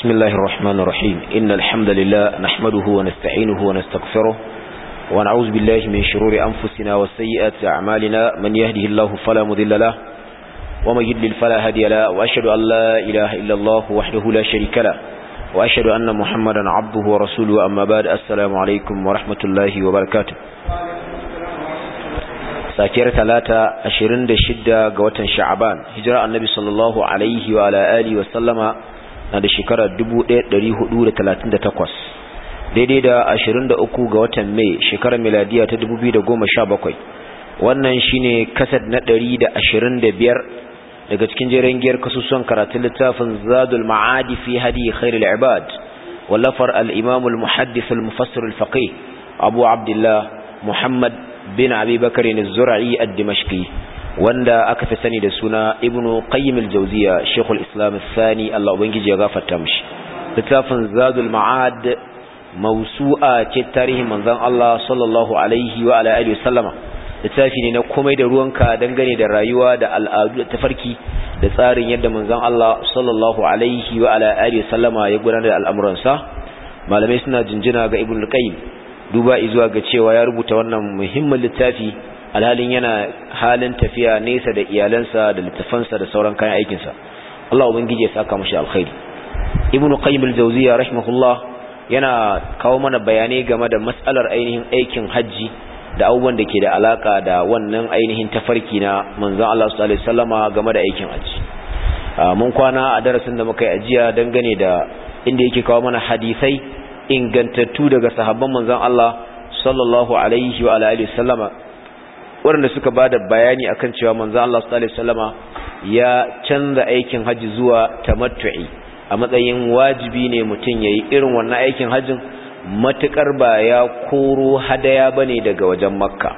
بسم الله الرحمن الرحيم إن الحمد لله نحمده ونستعينه ونستغفره ونعوذ بالله من شرور أنفسنا وسيئات أعمالنا من يهده الله فلا مذل له ومن يدلل فلا هدي له وأشهد أن لا إله إلا الله وحده لا شريك له وأشهد أن محمدا عبده ورسوله أما بعد السلام عليكم ورحمة الله وبركاته أشرند الشدة قوة شعبان هجراء النبي صلى الله عليه وعلى آله وسلم وعلى آله وسلم na da shekara 1438 daidai da 23 ga watan mai shekarar miladiya ta 2017 wannan shine kasad na 125 daga cikin jeren giyar kasusuwan karatun littafin zadul ma'adi fi hadi khairul ibad wallafar al-imam al-muhaddith al-mufassir al-faqih abu abdullah muhammad bin abi bakr az-zur'i ad-dimashqi wanda aka fi sani da suna ibnu qayyim al-jawziya shaykhul islam Allah ubangiji ya gafarta mishi littafin zadul ma'ad mawsu'a ce tarihin manzon Allah sallallahu alaihi wa ala alihi sallama littafi ne na komai da ruwanka dangane da rayuwa da al'adu da tafarki da tsarin yadda manzon Allah sallallahu alaihi wa ala alihi sallama ya gudanar da al'amuransa malamai suna jinjina ga ibnu qayyim duba izuwa ga cewa ya rubuta wannan muhimmin littafi alhalin yana halin tafiya nesa da iyalansa da littafansa da sauran kayan aikinsa Allah ubangiji ya saka mashi alkhairi ibnu qayyim al-jawziyya rahimahullah yana kawo mana bayanai game da matsalar ainihin aikin hajji da abubuwan da ke da alaka da wannan ainihin tafarki na manzon Allah sallallahu alaihi wasallama game da aikin haji mun kwana a darasin da muka yi ajiya dangane da inda yake kawo mana hadisai ingantattu daga sahabban manzon Allah sallallahu alaihi wa alihi wasallama waɗanda suka ba da bayani a kan cewa manzan Allah sallallahu ya canza aikin haji zuwa ta tamattu'i a matsayin wajibi ne mutum ya yi irin wannan aikin hajjin matuƙar ba ya koro hadaya ne daga wajen makka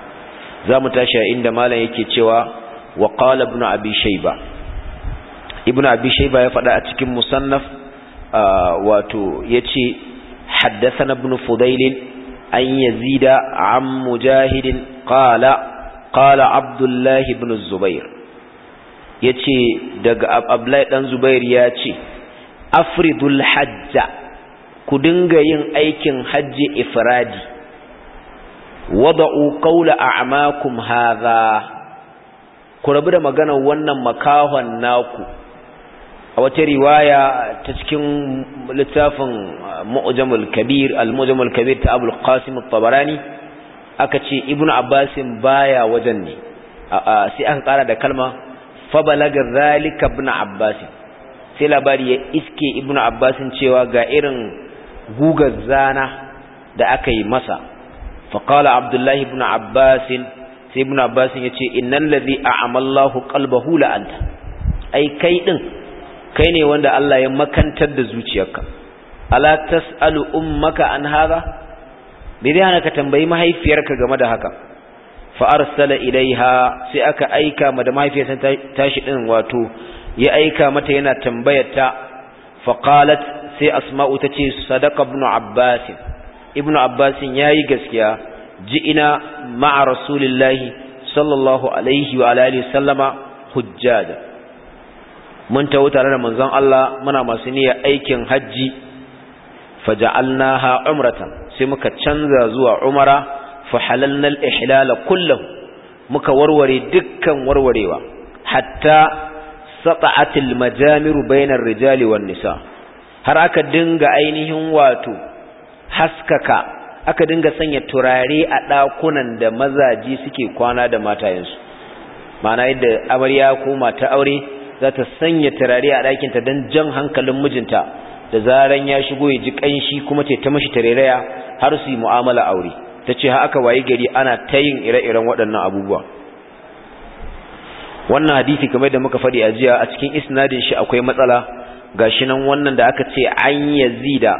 Za mu tashi a inda malam yake cewa wa ƙala ibn abi ibn abi ba ya faɗa a cikin musannaf wato ya haddasa na ibn fudailin an yazida an mujahidin ƙala. qala abdullahi ibn zubair yace daga abdullahi dan zubair ya ce afridul hajja ku dinga yin aikin hajji ifradi wada'u qawla a'makum hadha ku rabu da maganar wannan makahon naku a wata riwaya ta cikin littafin mu'jamul kabir al-mu'jamul kabir ta abul qasim tabarani aka ce ibnu abbasin baya wajen ne sai aka kara da kalma fa balaga zalika ibnu abbasin sai labari ya iske Ibn abbasin cewa ga irin gugar zana da aka yi masa fa abdullahi ibnu abbasin sai ibnu abbasin ce, innal ladhi a qalbahu la anta ai kai din kai ne wanda Allah ya makantar da zuciyarka ala tasalu ummaka an haza bai zai ka tambayi mahaifiyarka game da haka fa arsala ilaiha sai aka aika ma da mahaifiyarsa tashi din wato ya aika mata yana tambayar ta fa qalat sai asma'u tace sadaqa ibn abbas ibn abbas yayi gaskiya ji'ina ma'a rasulillahi sallallahu alaihi wa alihi sallama hujjada mun tawo tare da manzon Allah muna masu niyyar aikin haji faja'alnaha umratan sai muka canza zuwa umara fa halalna al-ihlal muka warware dukkan warwarewa hatta sata'at al-majamiru bayna ar-rijali wan-nisa har aka dinga ainihin wato haskaka aka dinga sanya turare a dakunan da mazaji suke kwana da matayensu ma'ana yadda amarya ko mata aure za ta sanya turare a ɗakinta don jan hankalin mijinta da zaran ya shigo ya ji ƙanshi kuma ce ta mashi tareraya har su yi mu'amala aure ta ce haka waye gari ana ta yin ire-iren waɗannan abubuwa wannan hadisi kamar da muka faɗi a jiya a cikin isnadin shi akwai matsala gashi nan wannan da aka ce an yazida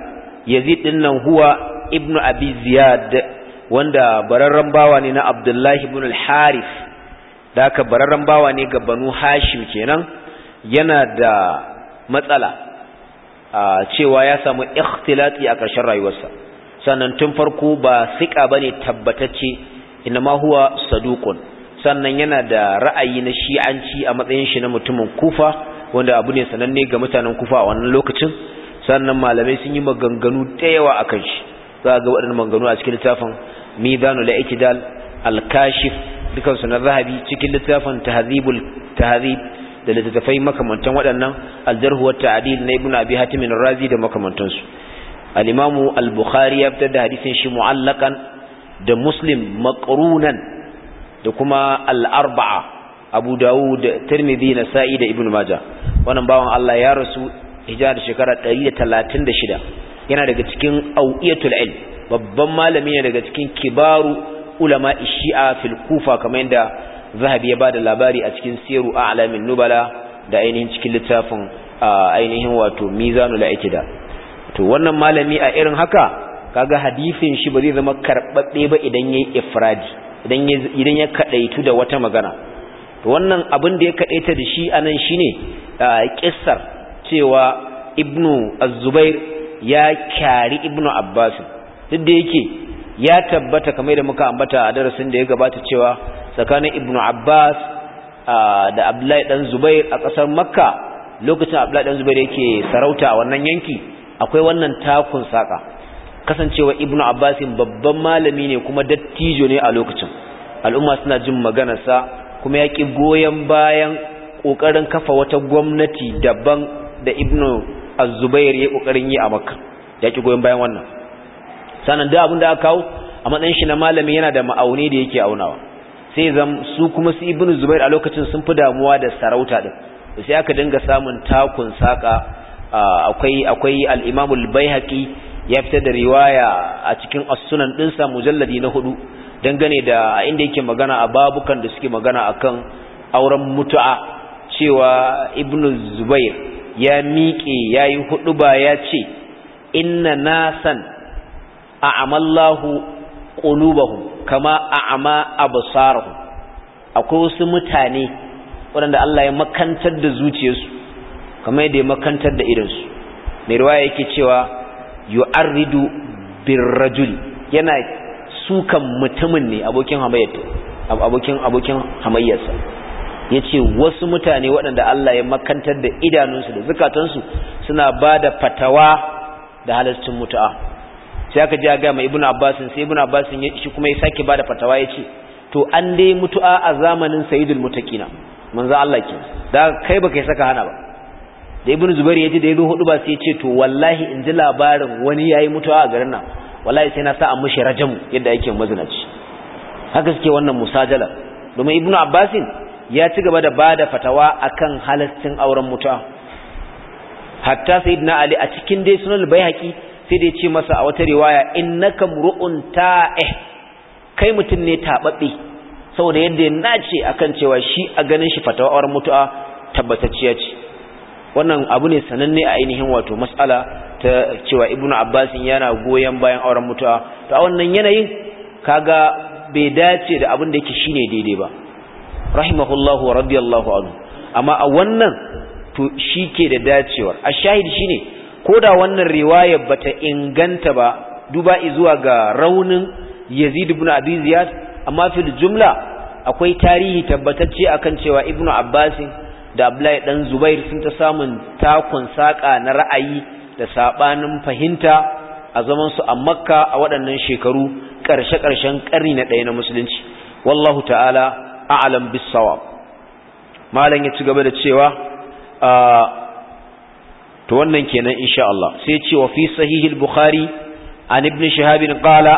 yazid din nan huwa ibnu abi ziyad wanda bararren bawa ne na abdullahi ibn al-harith da aka bararren bawa ne ga banu hashim kenan yana da matsala a cewa ya samu ikhtilati a ƙarshen rayuwarsa sannan tun farko ba siƙa bane tabbatacce inma huwa saduƙun sannan yana da ra'ayi na shi'anci a matsayin shi na mutumin kufa wanda abu ne sananne ga mutanen kufa a wannan lokacin sannan malamai sun yi maganganu da yawa a kan shi za ga waɗannan maganganu a cikin littafin mizanul ikdal al-kashif dukan na zahabi cikin littafin tahzibul tahzib da littattafai makamantan waɗannan al-jarh wa ta'dil na ibnu abi hatim ar-razi da makamantansu al-imamu al-bukhari ya fitar da hadisin shi mu'allakan da muslim makarunan da kuma al-arba'a abu da tirmidhi nasa'i da ibnu majah wannan bawan Allah ya rasu shekara hijira da da shida. yana daga cikin awiyatul ilm babban malami ne daga cikin kibaru ulama shi'a fil kufa kamar yadda zahabi ya ba da labari a cikin siru a'lamin nubala da ainihin cikin littafin ainihin wato mizanul i'tidal to wannan malami a irin haka kaga hadisin shi ba zai zama karbabbe ba idan yayi ifradi idan idan ya kadaitu da wata magana to wannan abin da ya kadaita da shi anan shine kissar cewa ibnu az-zubair ya kyari ibnu abbas duk da yake ya tabbata kamar da muka ambata a darasin da ya gabata cewa tsakanin ibnu abbas da abdullahi dan zubair a kasar makka lokacin abdullahi dan zubair yake sarauta a wannan yanki akwai wannan takun saka kasancewa ibnu abbasin babban malami ne kuma dattijo ne a lokacin al'umma suna jin maganarsa kuma ya ki goyon bayan ƙoƙarin kafa wata gwamnati daban da ibnu azubair ya ƙoƙarin yi a makka ya goyon bayan wannan sannan da abin da aka kawo a matsayin shi na malami yana da ma'auni da yake aunawa sai zan su kuma su ibnu zubair a lokacin sun fi damuwa da sarauta din sai aka dinga samun takun saka akwai akwai al-Imam al-Baihaqi ya fita da riwaya a cikin as-Sunan dinsa mujalladi na hudu dangane da inda yake magana a babukan da suke magana akan auren mutu'a cewa Ibn Zubair ya miƙe yayi hudu ba ya ce inna nasan a'amallahu qulubahum kama a'ama absarahum akwai wasu mutane waɗanda Allah ya makantar da zuciyarsu kamar yadda makantar da irinsu mai riwaya yake cewa yu'arridu birrajul yana sukan mutumin ne abokin hamayyata abokin abokin hamayyarsa yace wasu mutane waɗanda Allah ya makantar da idanunsu da zukatansu suna bada fatawa da halastin mutu'a sai aka ji ga mai ibnu abbas sai ibnu abbas shi kuma ya sake bada fatawa yace to an dai mutu'a a zamanin sayyidul muttaqina manzo Allah ke da kai baka saka hana ba da ibn zubair ya da yazo hudu ba sai ya ce to wallahi in ji labarin wani yayi mutuwa a garin nan wallahi sai na sa a mushi rajamu yadda yake mazinaci haka suke wannan musajala domin Ibn abbasin ya ci gaba da bada fatawa akan halaccin auren mutuwa hatta sayyidina ali a cikin dai sunan bayhaqi sai da ya ce masa a wata riwaya innaka mur'un ta'ih kai mutum ne tababbe saboda yadda ya nace akan cewa shi a ganin shi fatawa auren mutuwa tabbatacciya ce wannan abu ne sananne a ainihin wato mas'ala ta cewa ibnu abbasin yana goyon bayan auren mutuwa to a wannan yanayin kaga bai dace da abin da yake shine daidai ba rahimahullahu wa radiyallahu anhu amma a wannan to shike da dacewar A ashahid shine koda wannan riwaya bata inganta ba duba zuwa ga raunin yazid ibn abi ziyad amma fil jumla akwai tarihi tabbatacce akan cewa ibnu abbasin da Abdullahi dan Zubair sun ta samun takun saƙa na ra'ayi da saɓanin fahimta a zaman su a Makka a waɗannan shekaru ƙarshe-ƙarshen ƙarni na ɗaya na musulunci wallahu ta'ala a'lam bis malam ya ci gaba da cewa ah, to wannan kenan insha Allah sai ce wa fi sahih al-bukhari an ibn shihab qala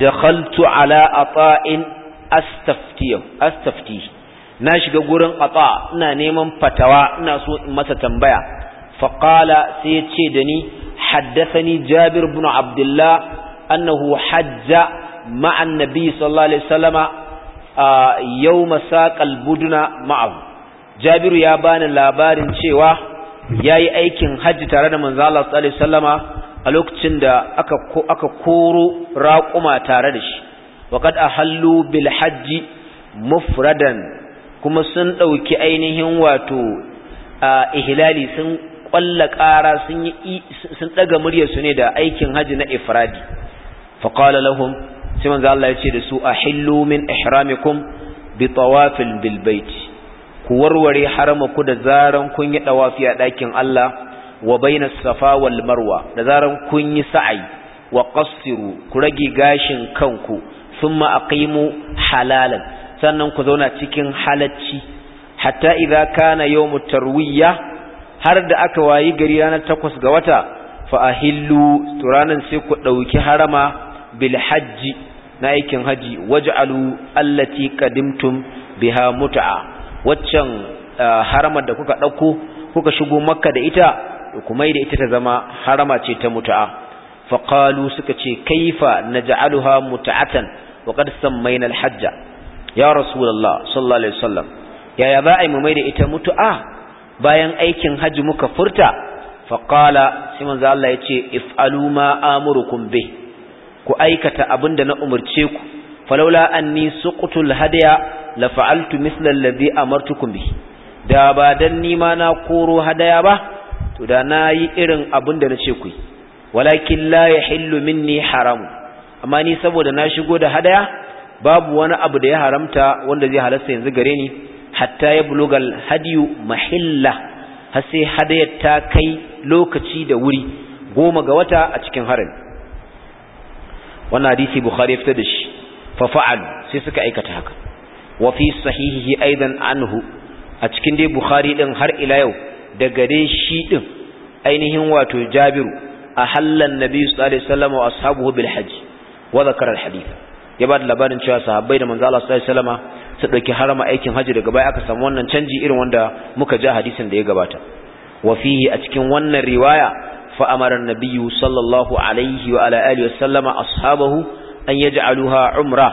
dakhaltu ala ata'in astaftiyahu astaftihi na shiga gurin ata ina neman fatawa ina so in masa tambaya Faƙala sai ya ce da ni haddathani jabir ibn abdullah annahu hajja ma'a annabi sallallahu alaihi wasallama yawma saqal buduna ma'ahu jabiru ya bani labarin cewa yayi aikin hajji tare da manzo Allah sallallahu alaihi wasallama a lokacin da aka aka koro raƙuma tare da shi waqad ahallu bil hajji mufradan kuma sun ɗauki ainihin wato a ihlali sun ƙwalla ƙara sun ɗaga muryarsu ne da aikin haji na ifradi faƙala lahum sai manzo Allah ya ce da su a hillu min ihramikum bi tawafil bil bait ku warware harama ku da zaran kun yi tawafi a ɗakin Allah wa baina safa wal marwa da zaran kun yi sa'ayi wa qassiru ku rage gashin kanku thumma aqimu halalan sannan ku zauna cikin halacci hatta idza kana yawmut tarwiya har da aka wayi gari ranar takwas ga wata fa ahillu turanan sai ku dauki harama bil hajji na aikin haji waj'alu allati qadimtum biha mut'a waccan harama da kuka dauko kuka shigo makka da ita kuma da ita ta zama harama ce ta mut'a fa qalu suka ce kaifa naj'aluha mut'atan wa qad sammayna al hajja ya rasulullah sallallahu alaihi wasallam yaya ba a yi mu mai da ita mutu'a bayan aikin hajji muka furta faqala sai manzo Allah yace if'alu ma amurukum bi, ku aikata abinda na umurce ku falaula anni suqtul hadiya la fa'altu mithla alladhi amartukum bi. da ba dan ni ma na koro hadaya ba to da na yi irin abinda ce ku walakin la yahillu minni haram amma ni saboda na shigo da hadaya babu wani abu da ya haramta wanda zai halasta yanzu gare ni hatta ya bulugal hadiyu mahilla har sai hadayar ta kai lokaci da wuri goma ga wata a cikin harin wannan hadisi bukhari ya fitar da shi fa fa'alu sai suka aikata haka wa fi sahihihi aidan anhu a cikin dai bukhari din har ila yau da gare shi din ainihin wato jabiru a hallan nabi sallallahu alaihi wasallam wa ashabuhu bil hajj wa dhakara al hadith ya ba da labarin cewa sahabbai da manzo Allah sallallahu alaihi wasallama su dauki harama aikin haji daga baya aka samu wannan canji irin wanda muka ji hadisin da ya gabata wa fihi a cikin wannan riwaya fa amara annabiyyu sallallahu alaihi wa ala alihi wasallama ashabahu an yaj'aluha umra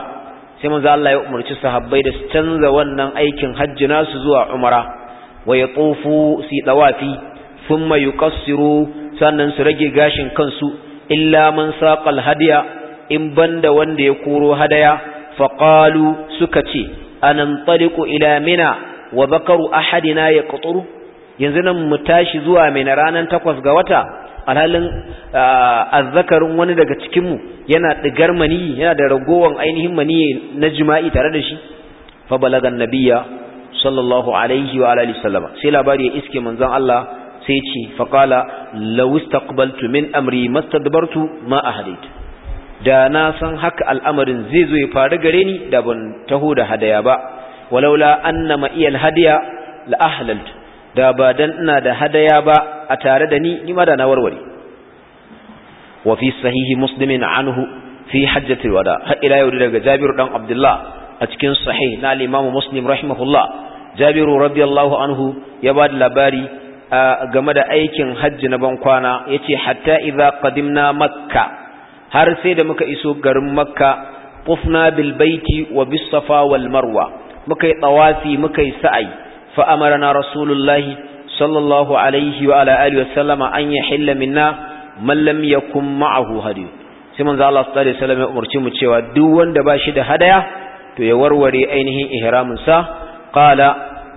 sai manzo Allah ya umarci sahabbai da su canza wannan aikin hajji nasu zuwa umra wa yatufu si tawafi thumma yuqassiru sannan su rage gashin kansu illa man saqal hadiya in banda wanda ya koro hadaya Faƙalu suka ce anantaliqu ila mina wa bakaru ahadina kutsuru? yanzu nan mu tashi zuwa mina ranan takwas ga wata alhalin azzakarin wani daga cikin mu yana ɗigar maniyi yana da ragowan ainihin mani na jima'i tare da shi fa balaga nabiyya sallallahu alaihi wa alihi sallama sai labari ya iske manzon Allah sai ce Faƙala. law istaqbaltu min amri mastadbartu ma ahadaitu da na san haka al'amarin zai zo ya faru gare ni da ban taho da hadaya ba walaula anna ma iyal hadiya la da ba dan ina da hadaya ba a tare da ni ni ma da na warware Wafi fi sahihi anhu fi hajjati wada har ila yau daga Jabiru dan Abdullah a cikin sahih na Limamu imam Muslim rahimahullah Jabir radiyallahu anhu ya ba da labari game da aikin hajji na bankwana, ya ce, hatta idza qadimna makka har sai da muka iso garin makka qufna bil baiti wa bis safa wal marwa muka yi tawafi muka yi sa'i fa amarna rasulullahi sallallahu alaihi wa ala alihi wa sallama an yahilla minna man lam yakun ma'ahu hadi sai manzo Allah sallallahu alaihi ya umarci mu cewa duk wanda ba shi da hadaya to ya warware ainihin ihramin sa qala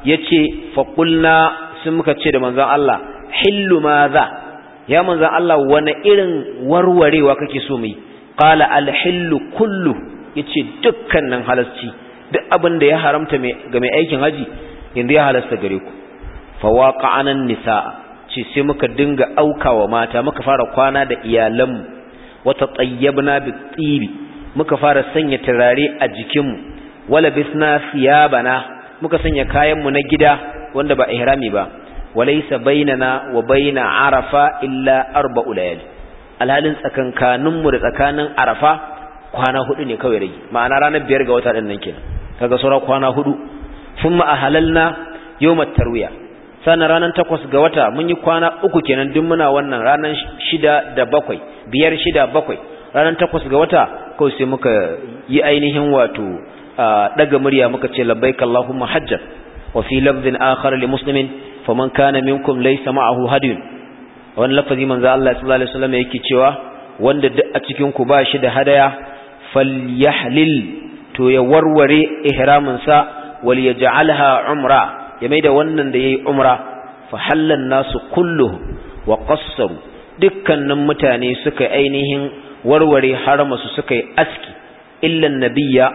yace fa qulna muka ce da manzon Allah hillu ma za ya manzan Allah wani irin warwarewa kake so mai ƙala alhillu kullu ya ce dukkan nan halarci, duk abin da ya haramta ga mai aikin haji yanzu ya halasta gare ku fawaqa anan nisa ce sai muka dinga auka wa mata muka fara kwana da iyalanmu wata bi bitibi muka fara sanya turare a jikinmu wala bisna siyabana muka sanya kayanmu na gida wanda ba ihrami ba baina bainana wa baina arafa illa arba'u layali alhalin tsakankanin da tsakanin arafa kwana hudu ne kawai rage ma'ana ranar biyar ga wata din nan kenan kaga saura kwana hudu thumma ahalalna yawmat tarwiya sannan ranar takwas ga wata mun yi kwana uku kenan duk muna wannan ranar shida da bakwai biyar shida bakwai ranar takwas ga wata kawai sai muka yi ainihin wato daga murya muka ce labbaik Allahumma hajjan wa fi lafzin akhar li muslimin faman kana minkum laysa ma'ahu hadin wani lafazi manzo Allah sallallahu alaihi wasallam yake cewa wanda duk a cikin ku ba shi da hadaya falyahlil to ya warware ihramin sa wal yaj'alha umra ya maida wannan da yayi umra fa hallan nasu kulluhum wa qassaru dukkanin mutane suka ainihin warware haramansu suka yi aski illa nabiyya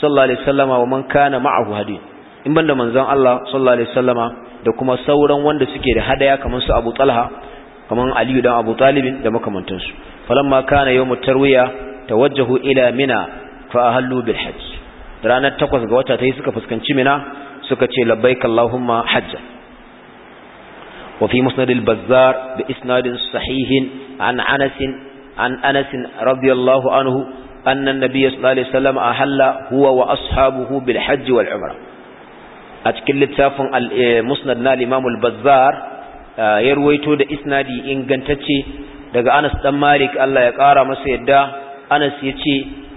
sallallahu alaihi wasallama wa man kana ma'ahu hadin in banda manzon Allah sallallahu alaihi wasallama da kuma sauran wanda suke da hadaya kamar su Abu Talha kamar Aliyu dan Abu Talib da makamantansu falamma kana yawmut tarwiya tawajjahu ila mina fa ahallu bil hajj ranar 8 ga wata tayi suka fuskanci mina suka ce labbaik allahumma hajj wa fi musnad al bazzar bi isnadin sahihin an anas an anas radiyallahu anhu anna an-nabiy sallallahu alaihi wasallam ahalla huwa wa ashabuhu bil hajj wal umrah a cikin littafin eh, musnad na limamul bazzar eh, ya ruwaito da isnadi ingantacce daga anas dan malik Allah ya kara masa yadda anas ya ce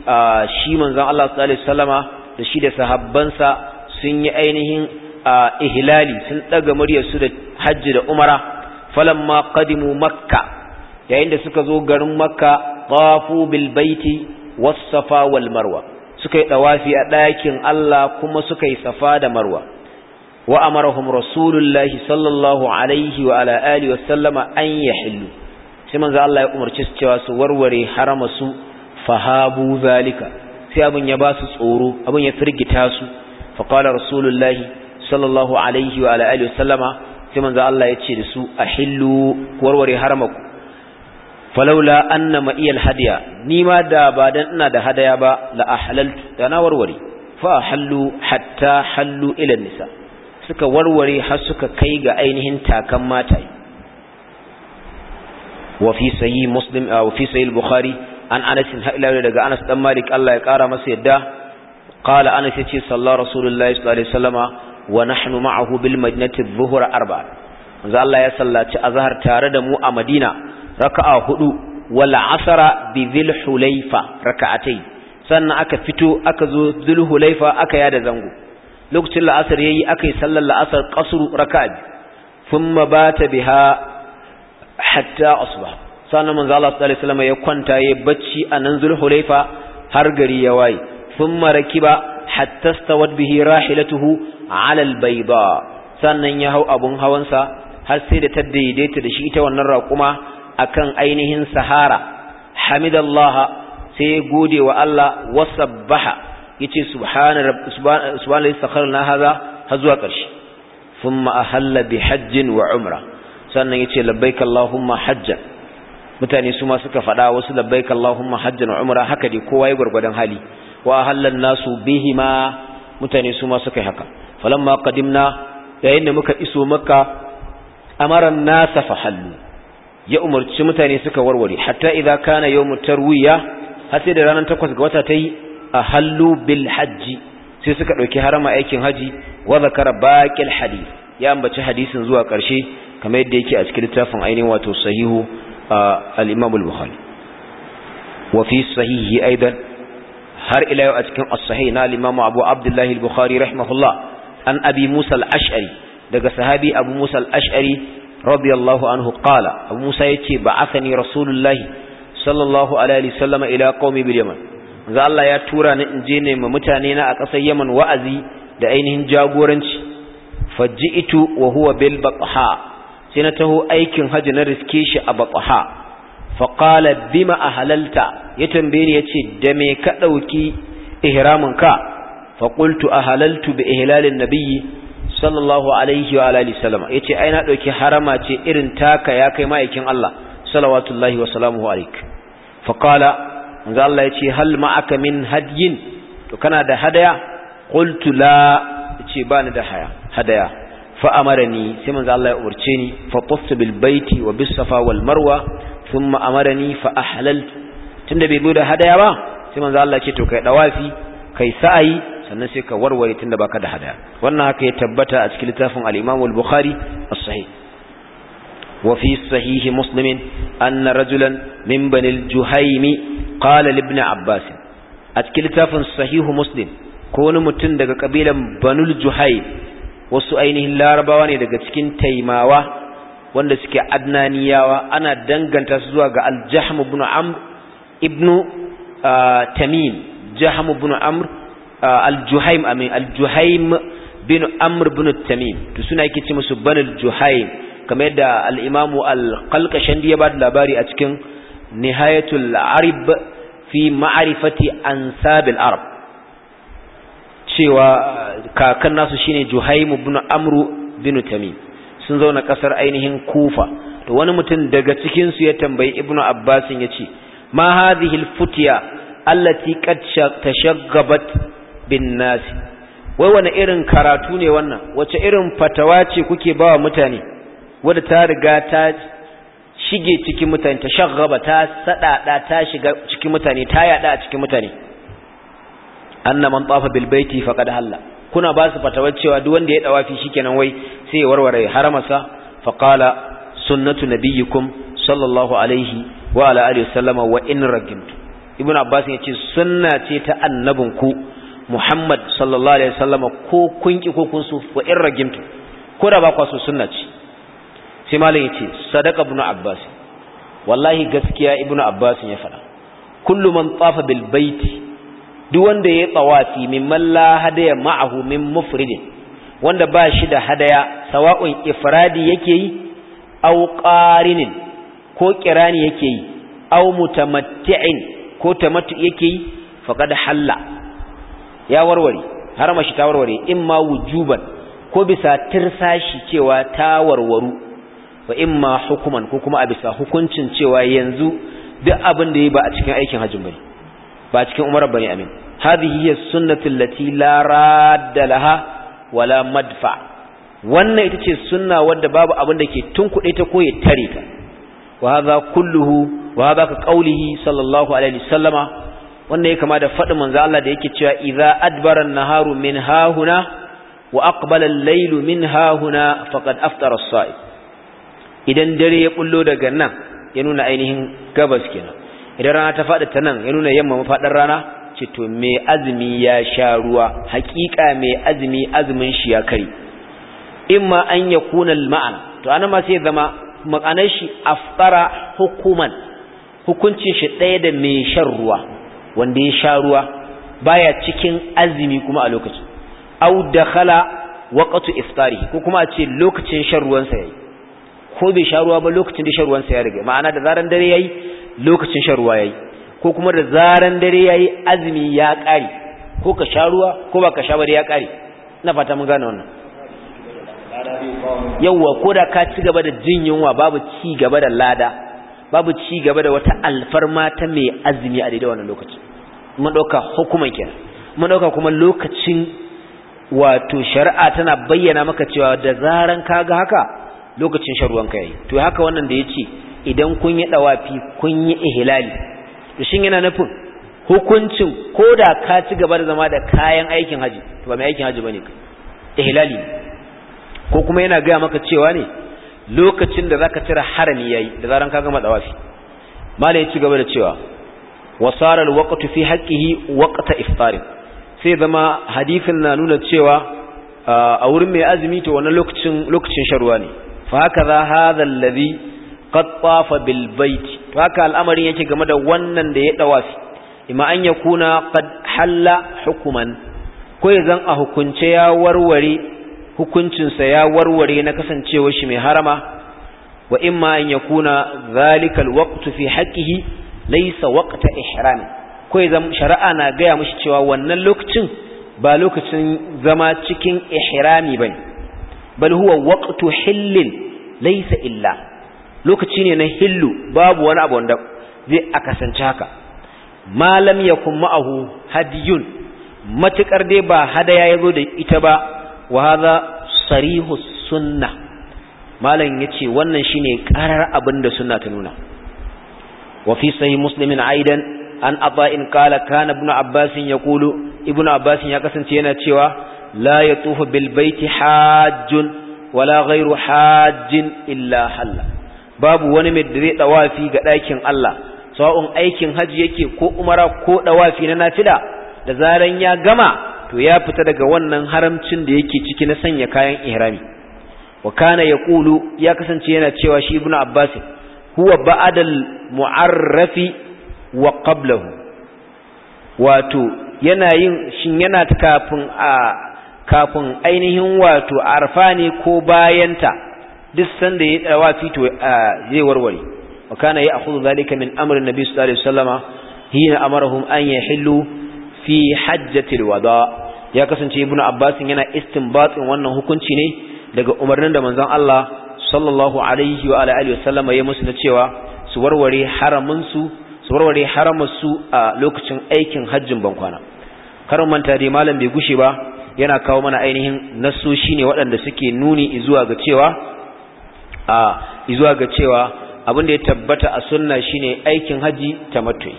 ah, shi manzon Allah sallallahu alaihi da shi da sahabbansa sun yi ainihin ah, ihlali sun daga muryarsu da hajji da umara falamma qadimu makka yayin da suka zo garin makka tafu bil baiti was safa wal marwa suka yi ɗawafi a ɗakin Allah kuma suka yi safa da marwa wa amarahum rasulullahi sallallahu alaihi wa wa sallama an yahillu sai manzo Allah ya umarci su su warware harama su fahabu zalika sai abin ya tsoro abin ya firgita su fa qala rasulullahi sallallahu alaihi wa ala alihi wa sallama sai ya ce da su ahillu warware haramaku falaula anna ma'iyal hadiya ni ma da ba dan ina da hadaya ba ahlaltu da na warware fa hallu hatta hallu ila nisa suka warware har suka kai ga ainihin takan mata. wa fi sahih muslim uh, wa fi sahih bukhari an anas bin daga anas dan malik Allah ya kara masa yadda qala anas yace sallallahu rasulullahi sallallahu alaihi wasallama wa nahnu ma'ahu bil madinati dhuhra arba. manzo Allah ya sallaci azhar tare da mu a Madina raka'a hudu wal asara bi dhil hulaifa raka'atai sannan aka fito aka zo dhul hulaifa aka yada zango lokacin la'asar yayi aka yi sallar la'asar qasru raka'a thumma bata biha hatta asbah sannan manzo Allah sallallahu alaihi wasallam ya kwanta ya bacci a nan zulhulaifa har gari ya waye thumma rakiba hatta stawat bihi rahilatuhu ala albayda sannan ya hau abun hawansa har sai da ta daidaita da shi ita wannan raƙuma akan ainihin sahara hamidallaha sai gode wa Allah wasabbaha yace subhana rabb subhana istakharna hadha har zuwa ƙarshe thumma ahalla bi hajjin wa umra sannan yace labbaik allahumma hajjan mutane su ma suka faɗa wasu labbaik allahumma hajjan wa umra haka dai kowa ya gurgurdan hali wa ahallan nasu bihima mutane su ma suka yi haka falamma qadimna yayin da muka iso makka amaran nasa fahallu ya umarci mutane suka warware hatta idza kana yawmut tarwiya har sai da ranar 8 ga wata ta yi ahallu bil hajji sai suka ɗauki harama aikin haji wa zakara baqil hadith ya ambaci hadisin zuwa ƙarshe kamar yadda yake a cikin littafin ainihin wato sahihu al-imam al-bukhari wa fi sahihi aidan har ila yau a cikin as-sahih na al-imam abu abdullah al-bukhari rahimahullah an abi musa al-ash'ari daga sahabi abu musa al-ash'ari radiyallahu anhu qala abu musa yace ba'athani rasulullah sallallahu alaihi wasallam ila qaumi bil yaman Za Allah ya tura ni in je ne ma mutane na a ƙasar Yaman wa'azi da ainihin jagoranci faji'itu wa huwa bil baqha sai na taho aikin haji na riske shi a baqha fa qala bima ahalalta ya tambaye ni yace da me ka dauki ihramin ka fa qultu ahalaltu bi ihlalin nabiyyi sallallahu alaihi wa alihi sallama yace ai na dauki harama ce irin taka ya kai ma'aikin Allah alaihi wa salamuhu alayk fa qala manzo Allah ya ce hal aka min hadyin to kana da hadaya qultu la ce bani da haya hadaya fa amarani sai manzo Allah ya umarce ni fa qassu bil baiti wa bis safa wal marwa thumma amarani fa ahlaltu tunda bai bude hadaya ba sai manzo Allah ya ce to kai dawafi kai sa'ayi sannan sai ka warware tunda baka da hadaya wannan haka ya tabbata a cikin littafin al-Imam al-Bukhari as-Sahih وفي صحيح مسلم أن رجلا من بني Abbas a cikin عباس sahihu صحيح مسلم كون متن دقى قبيلا بني الجهيم wasu ainihin larabawa ne daga cikin taimawa wanda suke adnaniyawa ana danganta su zuwa ga al-jahm ibn ibn tamim jahm ibn amr al amin al bin amr ibn tamim to suna yake ce musu banal juhaym kamar yadda al-imamu al-qalqashandi ya bada labari a cikin nihayatul arib fi an ansabil arab cewa uh, kakan nasu shine juhaimu ibn amru bin tami sun zauna kasar ainihin kufa to wani mutum daga cikinsu ya tambayi ibnu abbasin yace ma hadhihi al allati qad tashaggabat bin nasi wai wani irin karatu ne wannan wace irin fatawa ce kuke bawa mutane wadda ta riga ta shige cikin mutane ta shagaba ta sadada ta shiga cikin mutane ta yada a cikin mutane anna man tafa bil baiti faqad halla kuna ba su fatawar cewa duk wanda ya dawafi shikenan wai sai ya warware haramasa faqala sunnatu nabiyyikum sallallahu alaihi wa ala alihi wasallama wa in ragintu. ibnu abbas ya ce sunna ce ta annabinku muhammad sallallahu alaihi wasallama ko kun ki ko kun su wa in ragintu ko da ba kwa so sunna ce sai malam ce sadaka ibn abbas wallahi gaskiya ibn abbas ya fada kullu man tafa bil baiti duk wanda ya tawafi min malla hadaya ma'ahu min mufridin wanda ba shi da hadaya sawa'un ifradi yake yi aw qarinin ko kirani yake yi aw mutamatti'in ko tamattu yake yi faqad halla ya warware har mashi ta warware imma wujuban ko bisa tirsashi cewa ta warwaru wa imma hukuman ko kuma a bisa hukuncin cewa yanzu duk abin da yi ba a cikin aikin hajjin bane ba a cikin umar bane amin hadhihi hiya sunnatu allati la radda laha wala madfa wannan ita ce sunna wadda babu abin da ke tunkuɗe ta ko ya tare ta wa hadha kulluhu wa hadha ka qawlihi sallallahu alaihi wasallama wannan ya kama da faɗin manzo Allah da yake cewa idza adbara an-naharu min hahuna wa aqbala al-laylu min hahuna faqad aftara as-sa'im idan dare ya bullo daga nan ya nuna ainihin gabas kenan idan rana ta faɗi ta nan ya nuna yamma mafaɗar rana ce to mai azumi ya sha ruwa hakika mai azumi azumin shi ya kare imma an ya kuna ma'ana to ana ma sai zama ma'anar shi fara hukuman hukuncin shi ɗaya da mai shan ruwa wanda ya sha ruwa baya cikin azumi kuma a lokacin au dakhala waqtu iftari ko kuma a ce lokacin shan ruwansa yayi ko bai sha ruwa ba lokacin da shan sa ya rage ma'ana da zaran dare yayi lokacin shan ruwa yayi ko kuma da zaran dare yayi azumi ya kare ko ka sha ruwa ko ba ka sha ba ya kare ina fata mun gane wannan yawa ko da ka ci gaba da jin yunwa babu ci gaba da lada babu ci gaba da wata alfarma ta mai azumi a daidai wannan lokaci mun dauka hukuman kenan mun dauka kuma lokacin wato shari'a tana bayyana maka cewa da zaran kaga haka lokacin sharuwan kai to haka wannan da yace idan kun yi dawafi kun yi ihlali to shin yana nufin hukuncin koda ka ci gaba da zama da kayan aikin haji to ba mai aikin haji bane ihlali ko kuma yana ga maka cewa ne lokacin da zaka tira harami yayi da zaran ka gama dawafi mala ya ci gaba da cewa wasara alwaqtu fi haqqihi waqta iftari sai zama hadisin na nuna cewa a wurin mai azumi to wannan lokacin lokacin sharuwa ne fa haka za hadha alladhi qad tafa bil To haka al'amarin yake game da wannan da ya fi Ima an ya kuna halla hukuman ko zan a hukunce ya warware hukuncinsa ya warware na kasancewa shi mai harama wa ma an kuna zalikal waktu fi haƙihi laisa waqta ihrami ko zan shari'a na gaya mashi cewa wannan lokacin ba lokacin zama cikin ihrami bane bal huwa waqtu hillin laysa illa lokaci ne na hillu babu wani abu wanda zai akasance haka malam yakum ma'ahu hadiyun matukar dai ba hadaya yazo da ita ba wa hadha sarihu sunna malam yace wannan shine karar abin da sunna ta nuna wa fi sahih muslimin aidan an abain in kala kana ibnu abbasin yaqulu ibnu abbasin ya kasance yana cewa la ya bil bilbaiti hajjun wala ghairu hajin illa halla babu wani mai da zai ga ɗakin Allah sawa'un aikin hajji yake ko umara ko ɗawafi na nafila da zaran ya gama to ya fita daga wannan haramcin da yake ciki na sanya kayan ihrami wakana ya yaqulu ya kasance yana cewa shi ibnu abbas huwa ba'adal mu'arrafi wa qablahu wato yana yin shin yana kafin a kafin ainihin wato arfa ne ko bayanta duk sanda ya dawa fito zai warware wa kana ya akhudhu zalika min amri nabi sallallahu alaihi wasallama hina amarahum an yahillu fi hajjatil wada ya kasance ibnu abbas yana istinbatin wannan hukunci ne daga umarnin da manzon Allah sallallahu alaihi wa alihi wasallama ya musu na cewa su warware haramin warware haramin su a lokacin aikin hajjin bankwana karin manta dai malam bai gushe ba yana kawo mana ainihin nassoshi ne waɗanda suke nuni zuwa ga cewa a zuwa ga cewa abin da ya tabbata a sunna shine aikin haji ta tamattu'i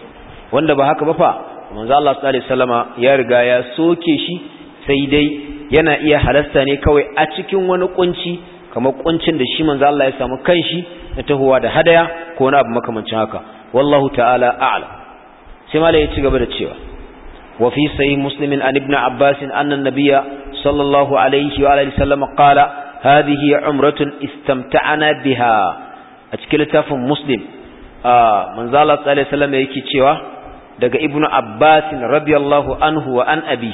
wanda ba haka ba fa manzo Allah sallallahu alaihi wasallama ya riga ya soke shi sai dai yana iya halasta ne kawai a cikin wani kunci kamar kuncin da shi manzo Allah ya samu kanshi na tahowa da hadaya ko wani abu makamancin haka wallahu ta'ala a'lam sai malai ya ci gaba da cewa وفي صحيح مسلم عن ابن عباس أن النبي صلى الله عليه وآله وسلم قال هذه عمرة استمتعنا بها أتكلت في مسلم آه من ذال صلى الله عليه وسلم يكي تشيوه daga ibnu abbasin radiyallahu anhu wa an abi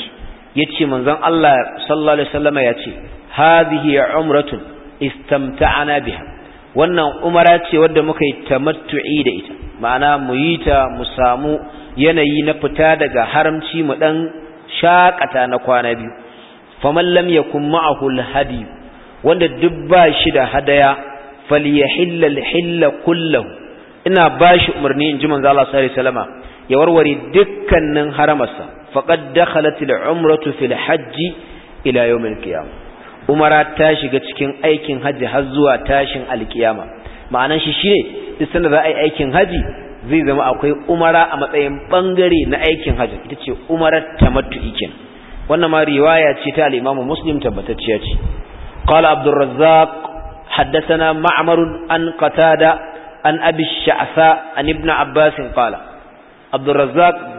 yace manzon Allah sallallahu alaihi wasallam yace hadhihi umratun istamta'ana biha wannan umara ce wadda muka yi tamattu'i da ita ma'ana mu yi ta mu samu yanayi na fita daga haramci mu dan shakata na kwana biyu faman lam yakun ma'ahu al wanda duk ba shi da hadaya falyahilla al kullahu ina bashi umarni in ji manzo Allah sallallahu alaihi wasallama ya warware dukkanin haramarsa faqad dakhalat al-umratu fil hajji ila yawm al-qiyamah umara ta shiga cikin aikin haji har zuwa tashin alkiyama ma'anan shi ne duk da za a yi aikin haji zai zama akwai umara a matsayin bangare na aikin haji ita ce umarar ta kenan wannan ma riwaya ce ta alimamu Muslim tabbatacciya ce qala Abdul Razzaq haddathana Ma'mar an Qatada an Abi Sha'sa an Ibn Abbas qala Abdul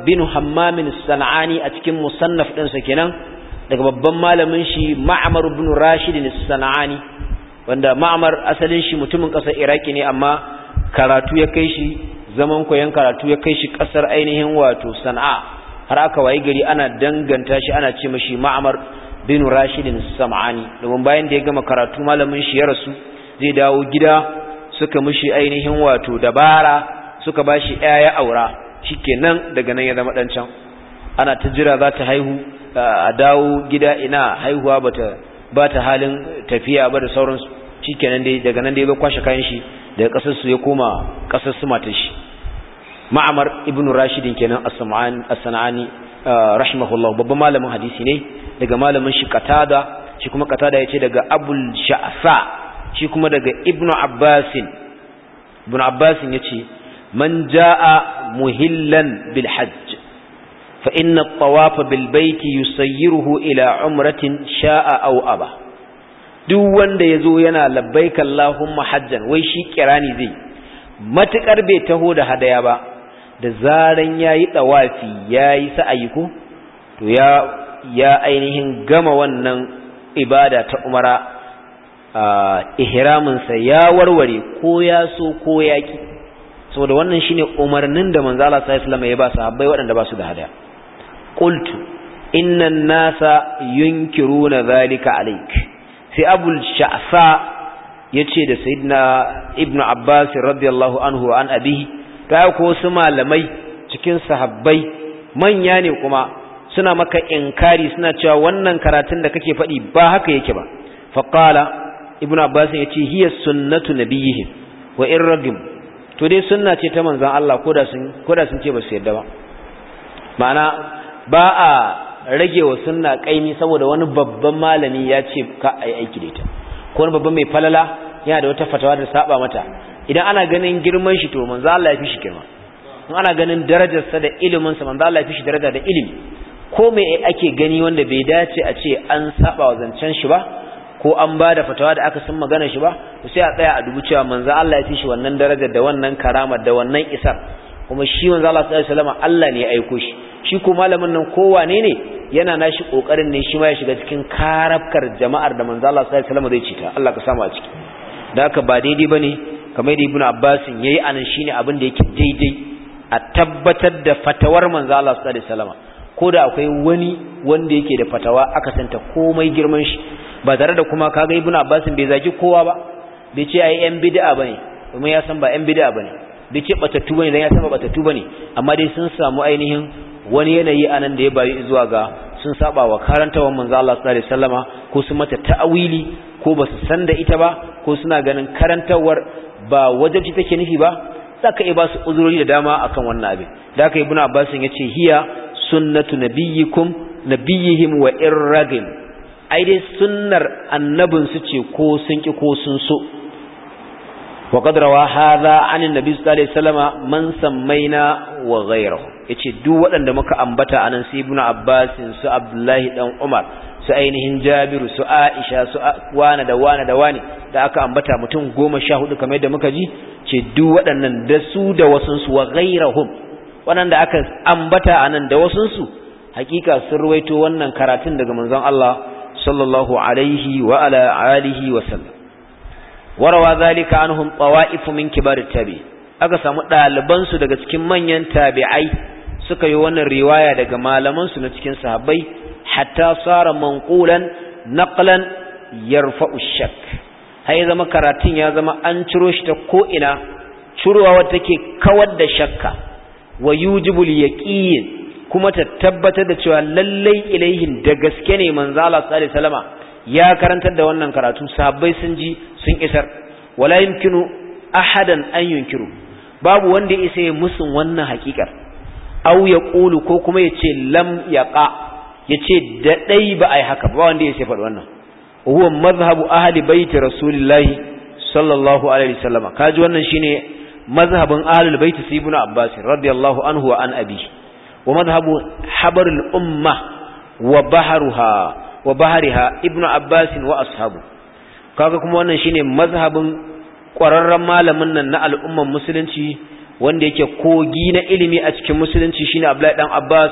bin Hammam as-San'ani a cikin musannaf ɗinsa kenan daga babban malamin shi ma'amar ibn rashid as sana'ani wanda ma'amar asalin shi mutumin kasar iraki ne amma karatu ya kai shi zaman koyon karatu ya kai shi kasar ainihin wato sana'a har aka wayi gari ana danganta shi ana ce mashi ma'amar bin rashid as-sanani domin bayan da ya gama karatu malamin shi ya rasu zai dawo gida suka mishi ainihin wato dabara suka bashi 'ya'ya aura shikenan daga nan ya zama dan can ana ta jira za ta haihu a dawo gida ina haihuwa bata ba ta halin tafiya ba da sauransu nan dai daga nan dai ba kwashe kayan shi daga kasar su ya koma kasar su matar shi ma'amar ibn rashidin kenan as-sanani rahimahullah babban malamin hadisi ne daga malamin shi qatada shi kuma qatada yace daga abul sha'sa shi kuma daga ibn abbasin ibn abbasin yace man jaa muhillan bil hajj فإن الطواف بالبيت يسيره إلى عمرة شاء أو أبا duk wanda ya zo yana labbaik lahun hajjan wai shi kirani zai matukar bai taho da hadaya ba da zaran yayi tawafi yayi sa'ayi ko to ya ainihin gama wannan ibada ta umara ihramin ya warware ko ya so ko yaƙi. saboda wannan shine umarnin da manzo Allah sallallahu alaihi wasallam ya ba sahabbai waɗanda ba su da hadaya Ƙultu innan an-nasa yunkiruna zalika alayk sai abul sha'sa yace da sayyidina ibnu abbas radiyallahu anhu an abihi ta ko su malamai cikin sahabbai manya ne kuma suna maka inkari suna cewa wannan karatun da kake faɗi ba haka yake ba faqala ibnu abbas yace hiya sunnatu nabiyihim wa in ragim to dai sunna ce ta manzon Allah koda sun sun ce ba su yarda ba ma'ana ba a rage wa sunna kaimi saboda wani babban malami ya ce ka yi aiki da ita ko wani babban mai falala yana da wata fatawa da saba mata idan ana ganin girman shi to manzo Allah ya fi shi girma in ana ganin darajarsa da ilimin sa manzo Allah ya fi shi daraja da ilimi ko me ake gani wanda bai dace a ce an saba wa zancen shi ba ko an ba da fatawa da aka san magana shi ba to sai a tsaya a dubi cewa manzo Allah ya fi shi wannan darajar da wannan karamar da wannan isar kuma shi manzo Allah sallallahu alaihi wasallam Allah ne ya aiko shi shi ko malamin nan kowa ne yana nashi kokarin ne shi ma ya shiga cikin karafkar jama'ar da manzo Allah sallallahu alaihi wasallam zai cita Allah ka samu a ciki da haka ba daidai bane kamar da ibnu Abbas yayi anan shine abin da yake daidai a tabbatar da fatawar manzo Allah sallallahu alaihi wasallam ko da akwai wani wanda yake da fatawa aka santa komai girman shi ba tare da kuma kaga ibnu Abbas bai zagi kowa ba bai ce ai yan bid'a bane kuma ya san ba yan bid'a bane bai ce batattu bane dan ya san ba batattu bane amma dai sun samu ainihin wani yanayi anan da ya bayi zuwa ga sun saba wa karantawan manzo Allah sallallahu alaihi wasallama ko su mata ta'awili ko basu san da ita ba ko suna ganin karantawar ba wajibi take nufi ba saka iya ba su uzurori da dama akan wannan abin da haka ibnu abbas yace hiya sunnatu nabiyikum nabiyihim wa irragin ai dai sunnar annabin su ce ko sun ki ko sun so wa qad rawa hadha an annabi sallallahu alaihi wasallama man sammaina wa ghayruhu yace duk waɗanda muka ambata anan sai ibnu abbas su abdullahi dan umar su ainihin jabiru su aisha su wana da wana da wani da aka ambata mutum goma sha hudu kamar yadda muka ji ce duk waɗannan da su da wasansu wa ghairahum waɗanda aka ambata anan da wasansu hakika sun ruwaito wannan karatun daga manzon Allah sallallahu alaihi wa ala alihi wa sallam warawa zalika anhum tawa'if min kibar tabi'i aka samu ɗalibansu daga cikin manyan tabi'ai suka yi wannan riwaya daga malamansu na cikin sahabbai hatta tsara manqulan naqlan yarfa'u shak hai zama karatun ya zama an ciro shi ta ko'ina, ina take kawar da shakka wa yujibul yaqin kuma ta tabbatar da cewa lallai ilaihin da gaske ne manzo Allah sallallahu alaihi ya karantar da wannan karatu sahabbai sun ji sun isar wala yumkinu ahadan an yunkiru babu wanda ya isa ya musun wannan hakikar au ya ƙulu ko kuma ya ce lam ya ƙa ya ce da ba a yi haka ba wanda ya ce faɗi wannan huwa mazhabu ahli baiti rasulillahi sallallahu alaihi wasallama kaji wannan shine mazhabin ahli baiti su ibnu abbas radiyallahu anhu wa an abi wa mazhabu habarul umma wa baharuha wa bahariha ibnu abbas wa ashabu kaga kuma wannan shine mazhabin ƙwararren malamin nan na al'umman musulunci wanda yake kogi na ilimi a cikin musulunci shine Abdullahi dan Abbas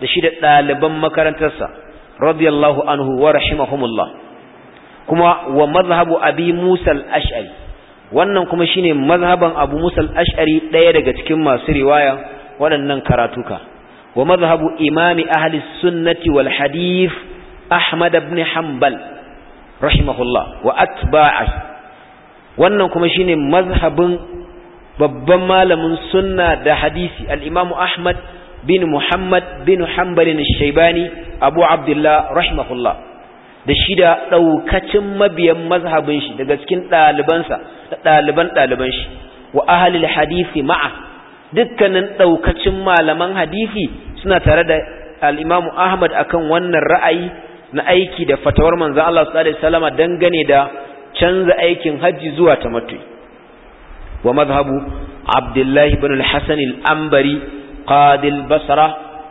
da shi da ɗaliban makarantarsa radiyallahu anhu wa rahimahumullah kuma wa mazhabu abi Musa al-Ash'ari wannan kuma shine mazhaban Abu Musa al-Ash'ari ɗaya daga cikin masu riwaya waɗannan karatuka wa mazhabu imami ahli sunnati wal hadith Ahmad ibn Hanbal rahimahullah wa atba'ihi wannan kuma shine mazhabin babban malamin sunna da hadisi al-Imam Ahmad bin Muhammad bin Hanbal shaibani shaybani Abu Abdullah rahimahullah da shida daukacin mabiyan mazhabin shi daga cikin dalibansa da daliban daliban shi wa ahli hadisi ma'a dukkanin daukacin malaman hadisi suna tare da al-Imam Ahmad akan wannan ra'ayi na aiki da fatawar manzon Allah sallallahu alaihi dangane da canza aikin hajji zuwa tamattu'i wa mazhabu abdullahi ibn al-hasan al-anbari qadi al-basra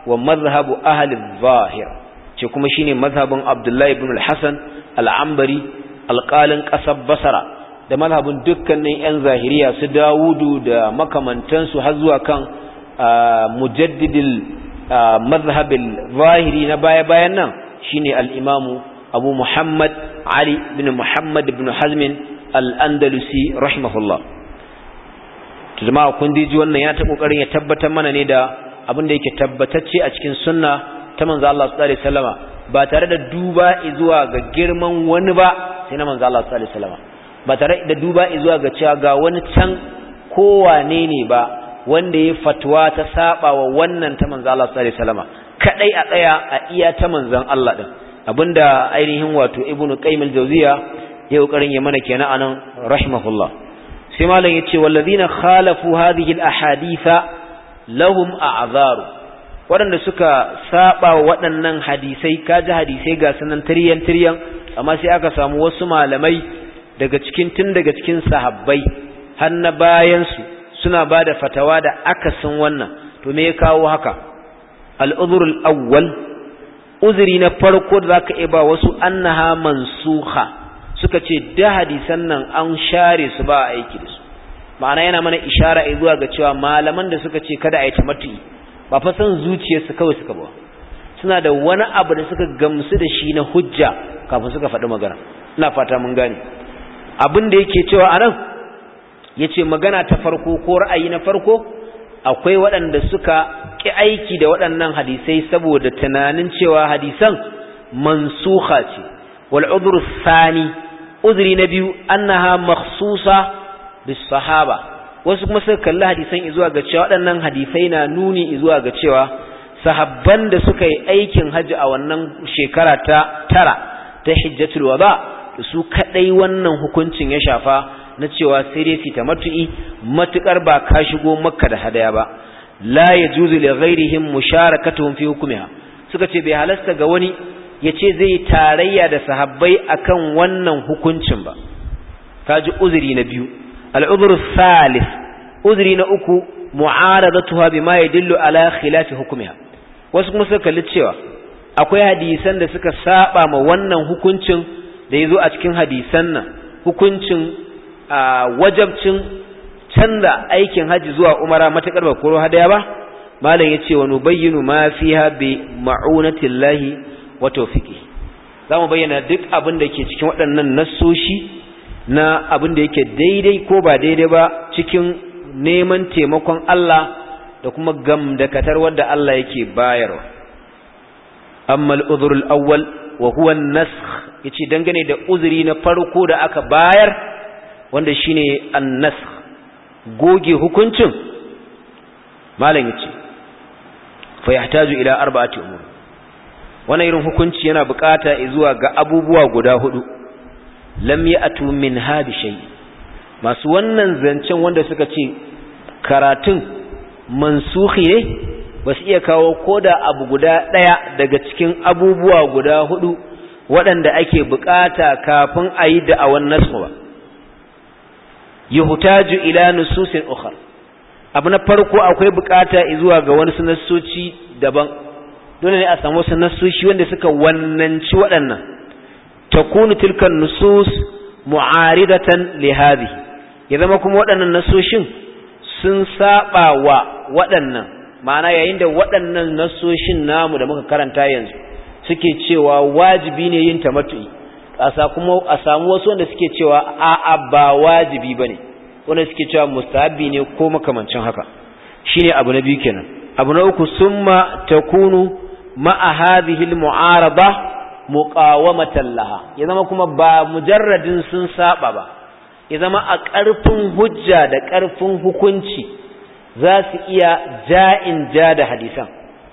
wa mazhabu ahli al-zahir ce kuma shine mazhabin abdullahi ibn al-hasan al-anbari alqalin qasab basra da madhhabin dukkanin yan zahiriya su dawudu da makamantansu har zuwa kan mujaddidil madhhabil zahiri na baya bayan nan shine al-imamu abu muhammad ali bin muhammad bin hazmin al-andalusi rahimahullah to jama'a kun ji wannan ya ta kokarin ya tabbatar mana ne da abin da yake tabbatacce a cikin sunna ta manzo Allah sallallahu alaihi Salama ba tare da duba zuwa ga girman wani ba sai na manzo Allah sallallahu alaihi Salama. ba tare da duba zuwa ga cewa ga wani can kowane ne ba wanda ya fatwa ta saba wa wannan ta manzo Allah sallallahu alaihi Salama. kadai a tsaya a iya ta manzon Allah din abinda ainihin wato ibnu qayyim al-jawziya ya kokarin ya mana kenan anan rahimahullah sai malam yace wallazina khalafu hadhihi al-ahaditha lahum a'zaru waɗanda suka saba waɗannan hadisai kaji hadisai ga sanan tiryan tiryan amma sai aka samu wasu malamai daga cikin tun daga cikin sahabbai har na bayan su suna bada fatawa da akasin wannan to me ya kawo haka al-udhrul awwal uzuri na farko da zaka iya ba wasu annaha mansuha suka ce da hadisan nan an share su ba aiki da su ma'ana yana mana ishara zuwa ga cewa malaman da suka ce kada a yi tamattu ba fa san zuciyarsu kawai suka ba suna da wani abu da suka gamsu da shi na hujja kafin suka faɗi magana ina fata mun gane abin da yake cewa anan yace magana ta farko ko ra'ayi na farko akwai waɗanda suka ƙi aiki da waɗannan hadisai saboda tunanin cewa hadisan mansuha ce wal sani uzuri na biyu annaha makhsusa bis sahaba wasu kuma suka kalli hadisan zuwa ga cewa waɗannan hadisai na nuni zuwa ga cewa sahabban da suka yi aikin hajji a wannan shekara ta tara ta hijjatul wada su kadai wannan hukuncin ya shafa na cewa sai dai fita matu'i matukar ba ka shigo makka da hadaya ba la yajuzu li ghairihim musharakatuhum fi hukmiha suka ce bai halasta ga wani yace zai tarayya da sahabbai akan wannan hukuncin ba kaji uzuri na biyu al-udhru uzuri na uku mu'aradatuha bima yadullu ala khilafi hukmiha wasu kuma suka kalli cewa akwai hadisan da suka saba ma wannan hukuncin da yazo a cikin hadisan nan hukuncin wajabcin canza aikin haji zuwa umara matakar ba koro hadaya ba malam yace wa nubayyinu ma fiha bi ma'unatillahi wa tawfiqi zamu bayyana duk abin da ke cikin waɗannan nasoshi na abin da yake daidai ko ba daidai ba cikin neman taimakon Allah da kuma gamdakatar wanda Allah yake bayarwa amma al-udhur al-awwal wa huwa an-nasakh yace dangane da uzuri na farko da aka bayar wanda shine an-nasakh goge hukuncin malam yace fa yahtaju ila arba'ati umur wannan irin hukunci yana bukata zuwa ga abubuwa guda hudu lam ya'tu min hadi shay masu wannan zancen wanda suka ce karatun mansuhi ne ba iya kawo koda abu guda daya daga cikin abubuwa guda hudu waɗanda ake bukata kafin a yi da'awan nasu ba yuhtaju ila nususin ukhar abu na farko akwai bukata zuwa ga wani sunassoci daban dole ne a samu wasu nassoci wanda suka wannanci waɗannan takunu tilkan nusus mu'aridatan li hadhihi ya zama kuma waɗannan nasoshin sun saba wa waɗannan ma'ana yayin da waɗannan nasoshin namu da muka karanta yanzu suke cewa wajibi ne yin tamattu'i a kuma a samu wasu wanda suke cewa a'a ba wajibi bane wanda suke cewa mustahabi ne ko makamancin haka shine abu na biyu kenan abu na uku summa takunu ma'a hadhihi al-mu'arada muqawamatan laha ya zama kuma ba mujarradin sun saba ba ya zama a ƙarfin hujja da ƙarfin hukunci za su iya ja'in ja da hadisan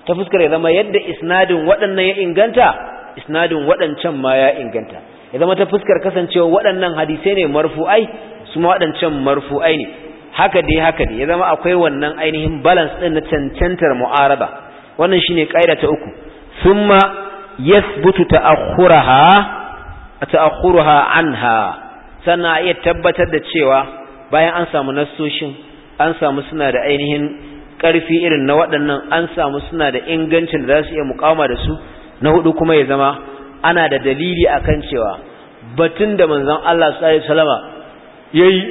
ta fuskar ya zama yadda isnadin waɗannan ya inganta isnadin waɗancan ma ya inganta ya zama ta fuskar kasancewa waɗannan hadisai ne marfu'ai su ma waɗancan marfu'ai ne haka dai haka dai ya zama akwai wannan ainihin balance ɗin na cancantar mu'araba wannan shine ƙa'ida ta uku thumma yathbutu ta'akhuraha ta'akhuruha anha sannan iya tabbatar da cewa bayan an samu nassoshin an samu suna da ainihin ƙarfi irin na waɗannan an samu suna da ingancin da za su iya muƙama da su na hudu kuma ya zama ana da dalili akan cewa batun da manzan Allah sallallahu salama ya yayi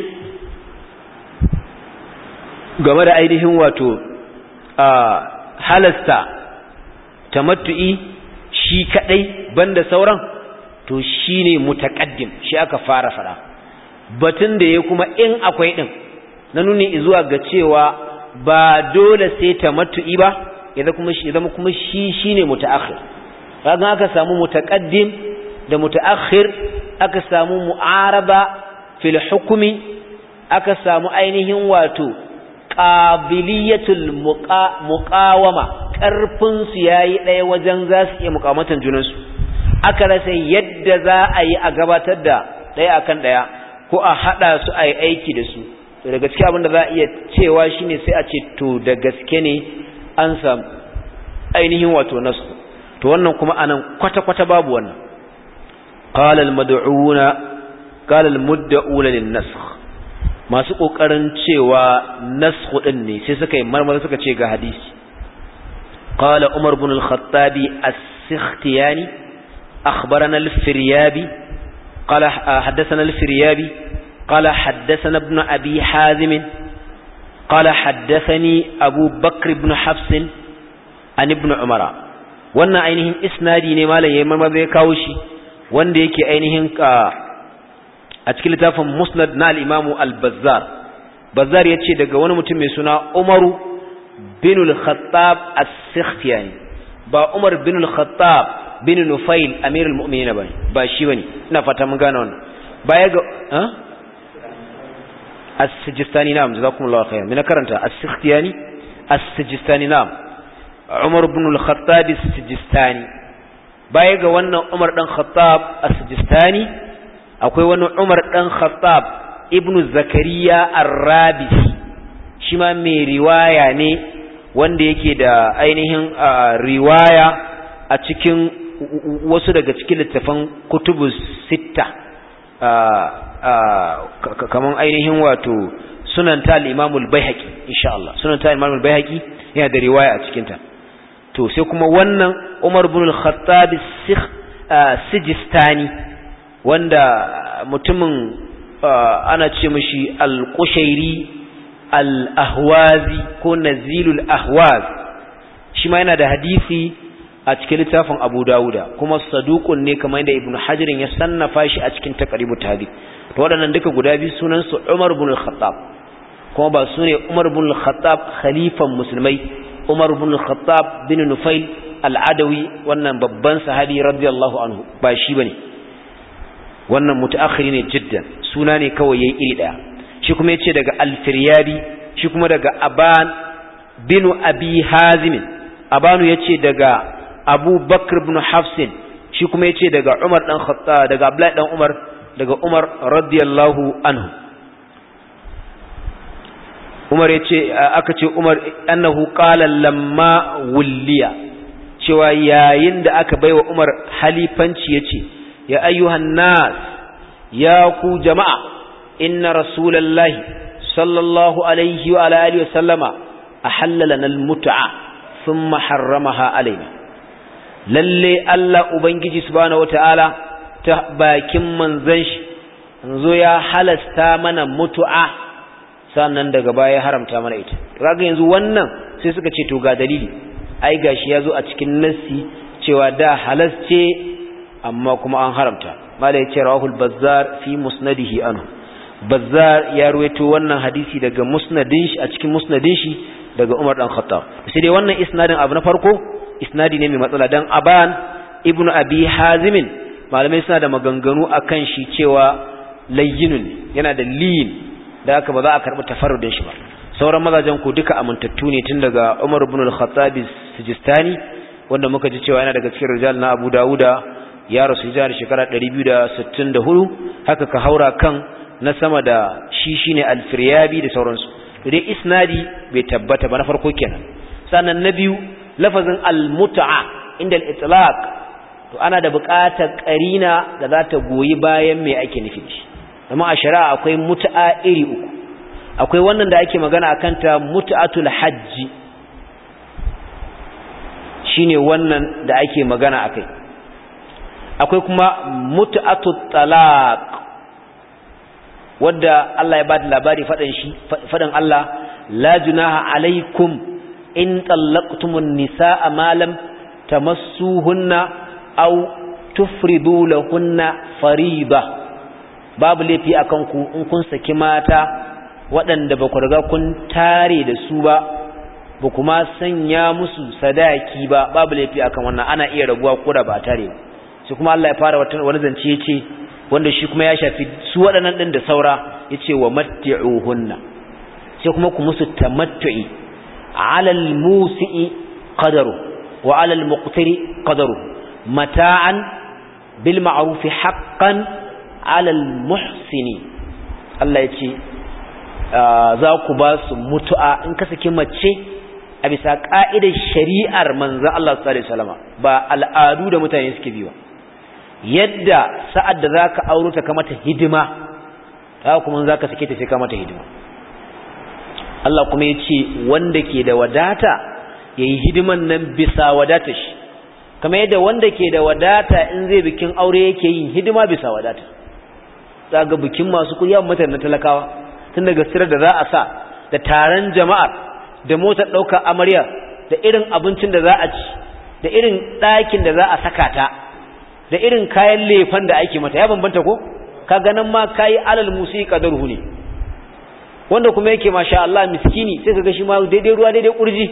game da ainihin wato a halasta tamattu'i shi kadai banda sauran to shine mutaqaddim shi aka fara fara batun da ya kuma in akwai din na nuni zuwa ga cewa ba dole sai tamattu'i ba ya zama kuma shi shine mutaakhir kaga aka samu mutaqaddim da mutaakhir aka samu mu'araba fil hukmi aka samu ainihin wato qabiliyatul muqawama karfin su yayi ɗaya wajen za su iya muqamatan junansu aka rasa yadda za a yi a gabatar da ɗaya akan ɗaya ko a hada su a yi aiki da su to da gaske abin da za a iya cewa shine sai a ce to da gaske ne an samu ainihin wato nasu to wannan kuma anan kwata-kwata babu wannan qala al-mad'una qala muddauna lin-nasakh masu kokarin cewa nasakh din ne sai suka yi marmari suka ce ga hadisi qala umar ibn al-khattabi as-sikhtiyani akhbarana al-firyabi qala ah, hadathana al-firyabi qala hadathana ibn abi hazim قال حدثني Abu Bakr بن حفص عن ابن عمر wannan ainihin isnadi ne malam yayin marmar zai kawo shi wanda yake ainihin a cikin littafin musnad na al-imamu al-bazzar bazzar yace daga wani mutum mai suna umaru bin al-khattab as-sikhtiyani ba umar bin al-khattab bin nufail al mu'minin ba ba shi bane ina fata mun gane wannan baya ga as-sijistani na'am jazakumullahu khairan mina karanta as-sikhtiyani as-sijistani na'am Umar ibn al-Khattab as-Sijistani baya ga wannan Umar dan Khattab as-Sijistani akwai wani Umar dan Khattab ibn Zakariya ar-Rabisi shi ma mai riwaya ne wanda yake da ainihin riwaya a cikin wasu daga cikin littafan kutubus sitta kaman ainihin wato sunan Tal al-Imam al-Baihaqi insha Allah sunan Tal al-Imam al-Baihaqi yana da riwaya a cikin ta to sai kuma wannan Umar ibn al-Khattab Sijistani wanda mutumin ana ce mishi al-Qushairi al-Ahwazi ko Nazilul Ahwaz shi ma yana da hadisi a cikin littafin Abu Dawuda kuma saduqun ne kamar da Ibn Hajar ya sannafa shi a cikin Taqribut tabi to waɗannan duka guda biyu sunan su Umar ibn al-Khattab kuma ba sune Umar ibn al-Khattab khalifan musulmai Umar ibn Khattab bin Nufail al-Adawi wannan babban sahabi radiyallahu anhu ba shi bane wannan mutaakhiri ne jidda suna ne kawai yayi iri daya shi kuma yace daga al-Firyadi shi kuma daga Aban bin Abi Hazim Abanu yace daga Abu Bakr ibn Hafsin shi kuma yace daga Umar dan Khattab daga Abdullah dan Umar daga Umar radiyallahu anhu umar ya ce aka ce umar annahu qala lamma wulliya cewa yayin da aka baiwa umar halifanci yace ya ayyuhan nas ya ku jama'a inna rasulallahi sallallahu alaihi wa ala alihi wa sallama ahalla lana almut'a thumma harramaha alaina lalle Allah ubangiji subhanahu ta bakin Manzanshi shi zo ya halasta mana mutu'a sannan daga baya haramta mana ita kaga yanzu wannan sai suka ce to ga dalili ai gashi yazo a cikin nassi cewa da halas ce amma kuma an haramta mala ya ce rawahul bazzar fi musnadihi anhu bazzar ya ruwaito wannan hadisi daga musnadin shi a cikin musnadin shi daga Umar dan Khattab sai dai wannan isnadin abu na farko isnadi ne mai matsala dan Aban ibnu Abi Hazim malamai suna da maganganu akan shi cewa layyinun yana da liyin da aka ba za a karɓi tafarrudin shi ba sauran mazajen ku duka amintattu ne tun daga Umar ibn al-Khattab Sijistani wanda muka ji cewa yana daga cikin rijal na Abu dauda ya rasu jihar shekara 264 haka ka haura kan na sama da shi shine al-Firyabi da sauransu dai isnadi bai tabbata ba na farko kenan sannan na biyu lafazin al-mut'a inda al-itlaq to ana da buƙatar ƙarina da za ta goyi bayan me ake nufi amma a shari'a akwai mut'a iri uku akwai wannan da ake magana a kanta mut'atul hajji shine wannan da ake magana a kai akwai kuma mut'atul talaq wadda Allah ya ba da labari fadan shi Allah la junaha alaikum in tallaqtumun nisaa ma lam tamassuhunna aw tufridu lahunna fariba babu laifi a kanku in kun saki mata waɗanda ba ku riga kun tare da su ba ba kuma sanya musu sadaki ba babu laifi kan wannan ana iya raguwa ko da ba tare su kuma Allah ya fara wani zance ya wanda shi kuma ya shafi su waɗannan ɗin da saura ya ce wa matti'uhunna sai kuma ku musu tamattu'i alal musi'i qadaru wa alal muqtiri qadaru mata'an bil ma'ruf haqqan alal muhsini Allah ya ce ah, za ku ba su mutu'a in ka saki mace a bisa ka'idar shari'ar manzan. Allah sallallahu alaihi wasallam ba al'adu da mutane suke biwa yadda sa'ad da zaka auro ta kamata hidima ta kuma zaka sake ta sai kamata hidima Allah kuma ya ce wanda ke da wadata ya yi hidiman nan bisa wadata shi kamar yadda wanda ke da wadata in zai bikin aure yake yin hidima bisa wadata za ga bikin masu kuɗi yawan mutane na talakawa tun daga sirar da za a sa da taron jama'ar da motar ɗaukar amarya da irin abincin da za a ci da irin ɗakin da za a saka ta da irin kayan lefan da ake mata ya bambanta ko ka ganin ma yi alal musi darhu ne wanda kuma yake masha Allah miskini sai ka shi ma daidai ruwa daidai kurji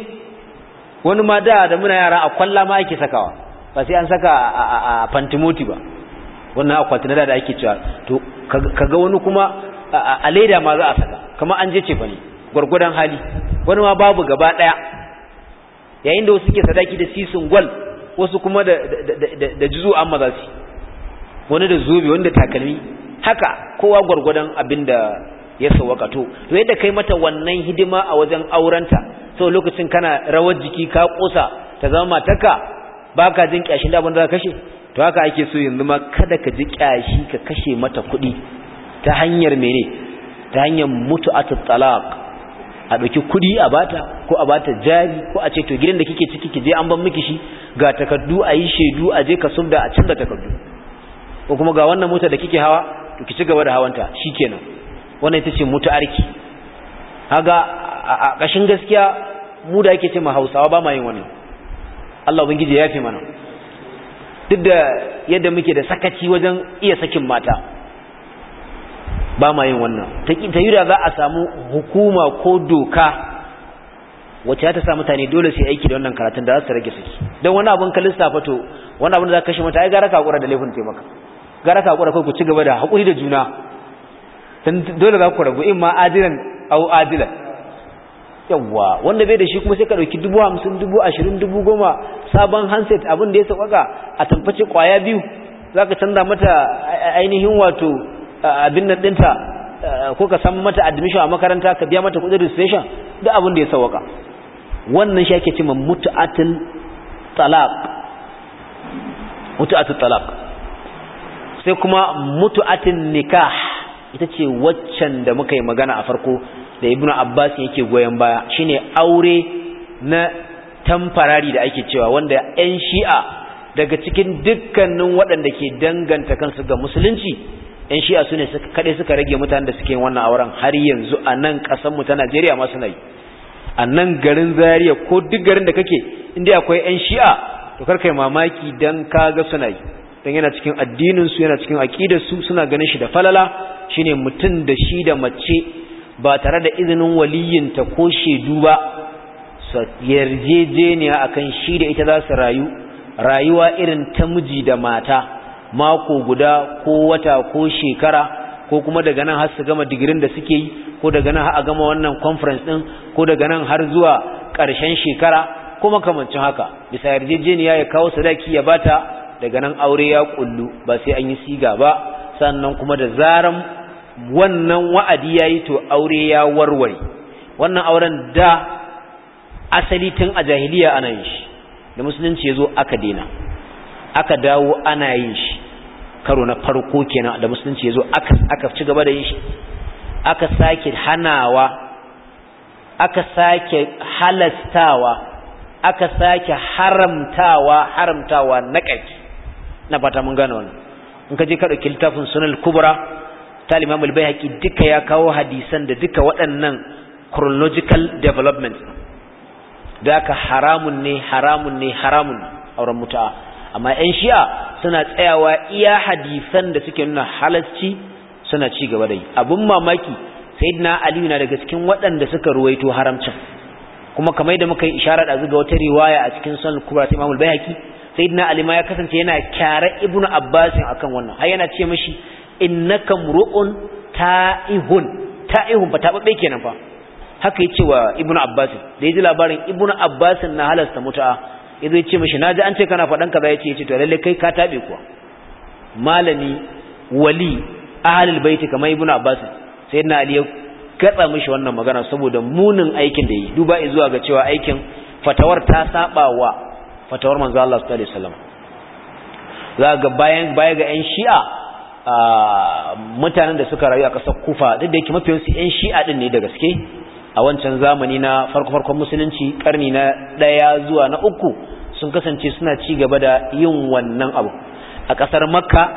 wani ma da da muna yara a kwalla ma ake sakawa ba sai an saka a fantimoti ba wannan akwati na da ake cewa to kaga wani kuma a leda ma za a saka kamar an je ce bane hali wani ma babu gaba daya yayin da wasu suke sadaki da sisin gwal wasu kuma da da juzu an maza su wani da zobe wani da takalmi haka kowa gwargwadon abinda ya sawaka to to yadda kai mata wannan hidima a wajen aurenta sau lokacin kana rawar jiki ka kosa ta zama mataka baka jin kyashin da abin da ka kashe to haka ake so yanzu ma kada ka ji kyashi ka kashe mata kuɗi ta hanyar mene ta hanyar a talaq a ɗauki kuɗi a bata ko a bata jari ko a ce to gidan da kike ciki ki je an ban miki shi ga takardu a yi shaidu a je ka subda a canza takardu ko kuma ga wannan mota da kike hawa to ki ci gaba da hawanta shikenan wannan ita ce mutu'arki haga a ƙashin gaskiya mu da ake ce ma Hausawa ba ma yin wannan Allah ubangiji ya yafe mana duk da yadda muke da sakaci wajen iya sakin mata ba ma yin wannan ta yi da za a samu hukuma ko doka wacce ta sa mutane dole su aiki da wannan karatun da za su rage saki don wani abin kalista fato wani abin da za ka kashe mata ai gara ka hakura da laifin taimaka gara ka hakura kai ku ci gaba da hakuri da juna dan dole za ku rabu in ma adilan au adilan yawwa wanda bai da shi kuma sai ka dauki dubu hamsin dubu ashirin dubu goma sabon handset abin da ya sauƙaƙa a tamfaci kwaya biyu za ka canza mata ainihin wato abin na ɗinta ko ka san mata admission a makaranta ka biya mata kudin registration da abin da ya sauƙaƙa wannan shi ake ce ma mutu'atul talaq mutu'atul talaq sai kuma mutu'atul nikah ita ce waccan da muka yi magana a farko da ibnu abbas yake goyon baya shine aure na tamfarari da ake cewa wanda 'yan shi'a daga cikin dukkanin waɗanda ke danganta kansu ga musulunci 'yan shi'a su ne kaɗai suka rage mutane da suke wannan auren har yanzu a nan ƙasanmu ta najeriya masu nai a nan garin zariya ko duk garin da kake inda akwai 'yan shi'a to karka yi mamaki don ga suna yi don yana cikin addininsu yana cikin aƙidarsu suna ganin shi da falala shine mutum da shi da mace ba tare da izinin waliyinta ko shaidu ba yarjejeniya akan shi da ita za su rayu rayuwa irin ta miji da mata mako guda ko wata ko shekara ko kuma daga nan har su gama digirin da suke yi ko daga nan har a gama wannan conference din ko daga nan har zuwa ƙarshen shekara ko makamancin haka bisa yarjejeniya ya kawo sadaki ya bata daga nan aure ya kullu ba sai an yi siga ba sannan kuma da zaran wannan wa'adi yayi to aure ya warware wannan auren da asali tun a jahiliya ana yin shi da musulunci ya zo aka daina aka dawo ana yin shi karo na farko kenan da musulunci ya zo aka ci gaba da yin shi aka sake hanawa aka sake halastawa aka sake haramtawa haramtawa na ƙarfi na fata mun gano wannan in ka je ka ɗauki littafin sunan kubra talimamul bai bai duka ya kawo hadisan da duka waɗannan chronological development da ka haramun ne haramun ne haramun auren mutu'a amma yan shi'a suna tsayawa iya hadisan da suke nuna halarci suna ci gaba da yi abun mamaki sayyidina aliyu na daga cikin waɗanda suka ruwaito haramcin kuma kamar da muka yi isharar da zuga wata riwaya a cikin son kubra ta imamul bayhaqi sayyidina ali ma ya kasance yana kyara ibnu abbas akan wannan har yana ce mashi innaka muru'un ta'ihun ta'ihun fa taɓaɓe kenan fa haka ya cewa ibnu abbas da ji labarin ibnu abbas na halasta mut'a ce yace na ji an ce kana fadan kaza ya yace to lalle kai ka taɓe kuwa malami wali ahlul baiti kamar ibnu abbas sai ali ya gatsa mashi wannan magana saboda munin aikin da yi duba zuwa ga cewa aikin fatawar ta saba wa fatawar manzo Allah sallallahu alaihi wasallam za ga bayan baya ga yan shi'a mutanen da suka rayu a ƙasar kufa duk da yake su 'yan shi'a ɗin ne da gaske a wancan zamani na farko-farkon musulunci karni na ɗaya zuwa na uku sun kasance suna ci gaba da yin wannan abu a ƙasar makka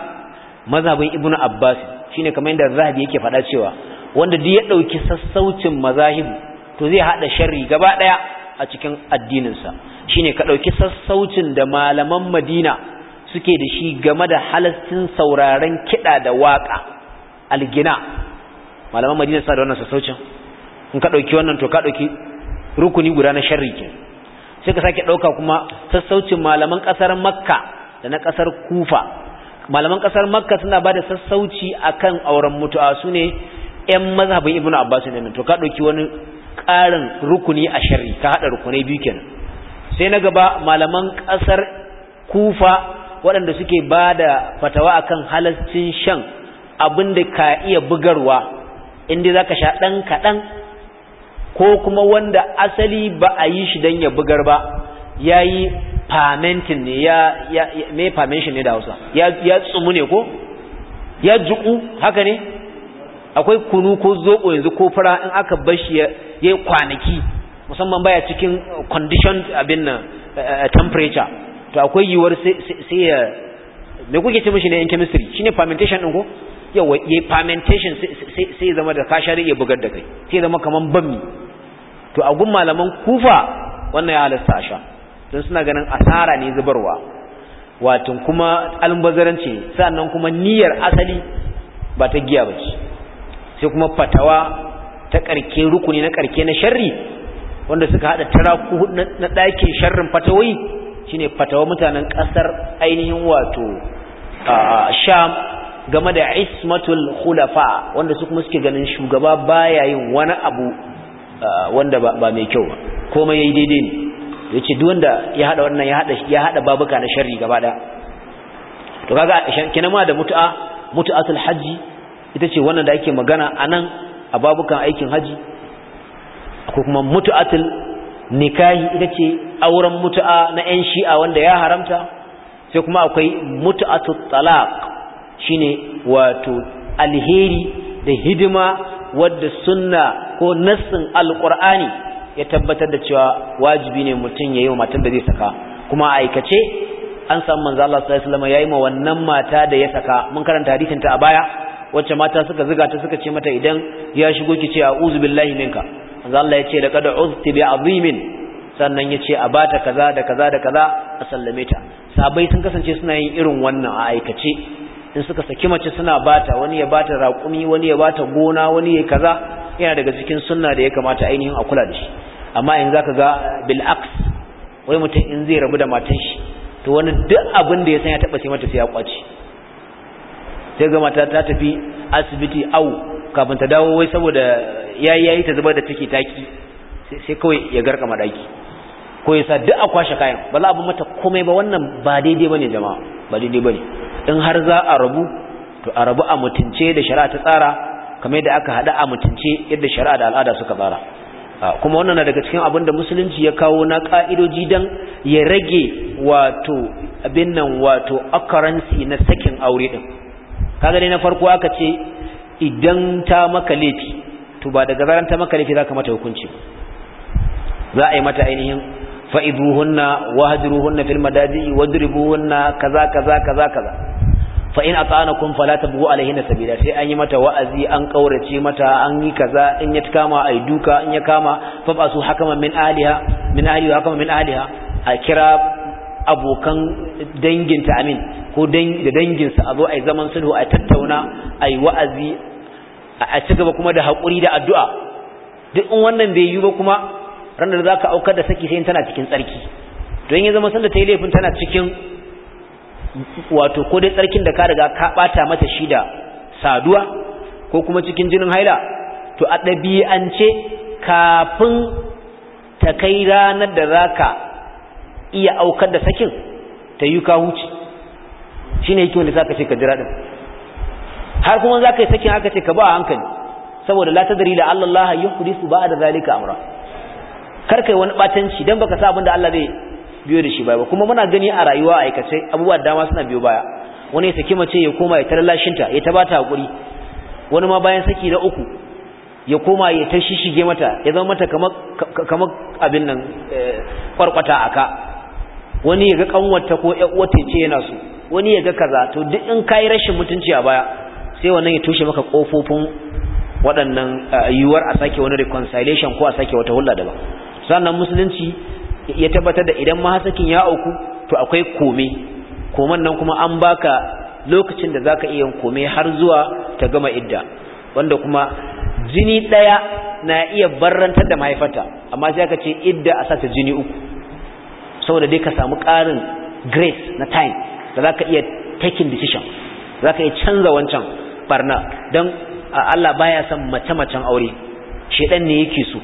mazhabin ibn abbas shine kamar yadda zahabi yake faɗa cewa wanda duk ya ɗauki sassaucin mazahib to zai haɗa sharri gaba ɗaya a cikin addininsa shine ka ɗauki sassaucin da malaman madina suke da shi game da halastin sauraren kiɗa da waƙa algina malaman madina suna da wannan sassaucin in ka ɗauki wannan to ka ɗauki rukuni guda na sharri ke sai ka sake ɗauka kuma sassaucin malaman ƙasar makka da na ƙasar kufa malaman ƙasar makka suna ba da sassauci akan auren mutuwa su ne 'yan mazhabin ibn abbas ne to ka ɗauki wani ƙarin rukuni a sharri ka haɗa rukunai biyu kenan sai na gaba malaman ƙasar kufa waɗanda suke ba da fatawa akan halascin shan abin da ka iya bugarwa indai za ka sha ɗan kaɗan ko kuma wanda asali ba a yi shi don ya bugar ba ya yi famentin ne ya me famentin ne da hausa ya tsumu ne ko ya juku haka ne akwai kunu ko zoɓo yanzu ko fara in aka shi ya yi kwanaki musamman baya cikin condition abin nan eh, eh, temperature to akwai yiwuwar sai ya me kuke ce mishi ne in chemistry shine fermentation din ko yawa fermentation sai zama da kashari ya bugar da kai sai zama kaman bammi to a gun malaman kufa wannan ya halasta a sha don suna ganin asara ne zubarwa watan kuma almubazaranci sannan kuma niyyar asali ba ta giya ba ce sai kuma fatawa ta karke rukuni na karke na sharri wanda suka hada kuhu na ɗakin sharrin fatawai shine fatawa mutanen ƙasar ainihin wato sham game da ismatul khulafa wanda su kuma suke ganin shugaba baya yin wani abu wanda ba mai kyau ba komai yayi daidai ne Ya ce duk wanda ya hada wannan ya hada babuka na sharri gaba da to kaga kina ma da mutu'a, mut'atul haji ita ce wannan da ake magana anan a babukan aikin haji ko kuma mut'atul nikahi ita ce auren mutu'a na yan shi'a wanda ya haramta sai kuma akwai mut'atul talaq shine wato alheri da hidima wadda sunna ko nassin alqur'ani ya tabbatar da cewa wajibi ne mutum yayi wa matan da zai saka kuma aikace an samu manzo Allah sallallahu alaihi wasallam yayi ma wannan mata da ya saka mun karanta hadisin ta a baya wacce mata suka zuga ta suka ce mata idan ya shigo ki ce a'udhu billahi minka manzo Allah ya ce da kada uzti bi azimin sannan ya ce a bata kaza da kaza da kaza a sallame ta sabai sun kasance suna yin irin wannan a aikace in suka saki mace suna bata wani ya bata raƙumi wani ya bata gona wani ya kaza yana daga cikin sunna da ya kamata ainihin a kula da shi amma in zaka ga bil aks wai mutum in zai rabu da matan shi to wani duk abin da ya san ya taba sai mata sai ya kwace sai ga mata ta tafi asibiti au kafin ta dawo wai saboda yayi yayi ta zubar da take taki sai kawai ya garka madaki ko yasa duk a kwashe kayan ba za a bi mata komai ba wannan ba daidai bane jama'a ba daidai bane in har za a rabu to a rabu a mutunce da shari'a ta tsara kamar yadda aka hada a mutunce yadda shari'a da al'ada suka tsara ah, kuma wannan na daga cikin abin da musulunci ya kawo na ka'idoji dan ya rage wato abin nan wato occurrence na sakin aure din kaga dai na farko aka ce idan ta maka laifi to ba daga zaran ta maka laifi zaka mata hukunci za a yi mata ainihin fa'iduhunna wahjuruhunna fil madaji wadribuhunna kaza kaza kaza kaza fa in ata'anakum fala tabu na sabila sai an yi mata wa'azi an kaurace mata an yi kaza in ya kama ai duka in ya kama fa ba su hakama min aliha min aliha hakama min aliha a kira abokan danginta amin ko da danginsa a zo a zaman sulhu a tattauna a wa'azi a ci gaba kuma da hakuri da addu'a duk in wannan bai yi ba kuma ranar za ka aukar da saki sai tana cikin tsarki don ya zama sanda ta yi laifin tana cikin wato ko dai tsarkin da ka riga ka bata mata shi da saduwa ko kuma cikin jinin haila to a ɗabi'ance kafin ta kai ranar da za ka iya aukar da sakin ta yi ka huce shi ne yake wanda za ka ce ka jira ɗin har kuma za ka yi sakin aka ce ka ba a hankali saboda la tadari da Allah ya hudisu ba da zalika amra kar kai wani batanci dan baka sa abin da Allah zai biyo da shi baya kuma muna gani a rayuwa a aikace abubuwa dama suna biyo baya wani ya saki mace ya koma ya tarlashinta ya ta bata hakuri wani ma bayan saki na uku ya koma ya ta shishige mata ya zama mata kamar kamar abin nan eh, kwarkwata aka wani ya ga kanwarta ko ƴan uwarta ce yana so wani ya ga kaza to duk in kai rashin mutunci a baya sai wannan ya toshe maka kofofin waɗannan eh, yiwuwar a sake wani reconciliation ko a sake wata hulɗa daban sannan musulunci ya tabbatar da idan mahasakin ya auku to akwai kome koman nan kuma an baka lokacin da zaka iya kome har zuwa ta gama idda wanda kuma jini daya na iya barrantar da mahaifata amma sai aka ce idda a sata jini uku saboda dai ka samu ƙarin grace na time da zaka iya taking decision zaka iya canza wancan barna don Allah baya son mace-macen aure shedan ne yake so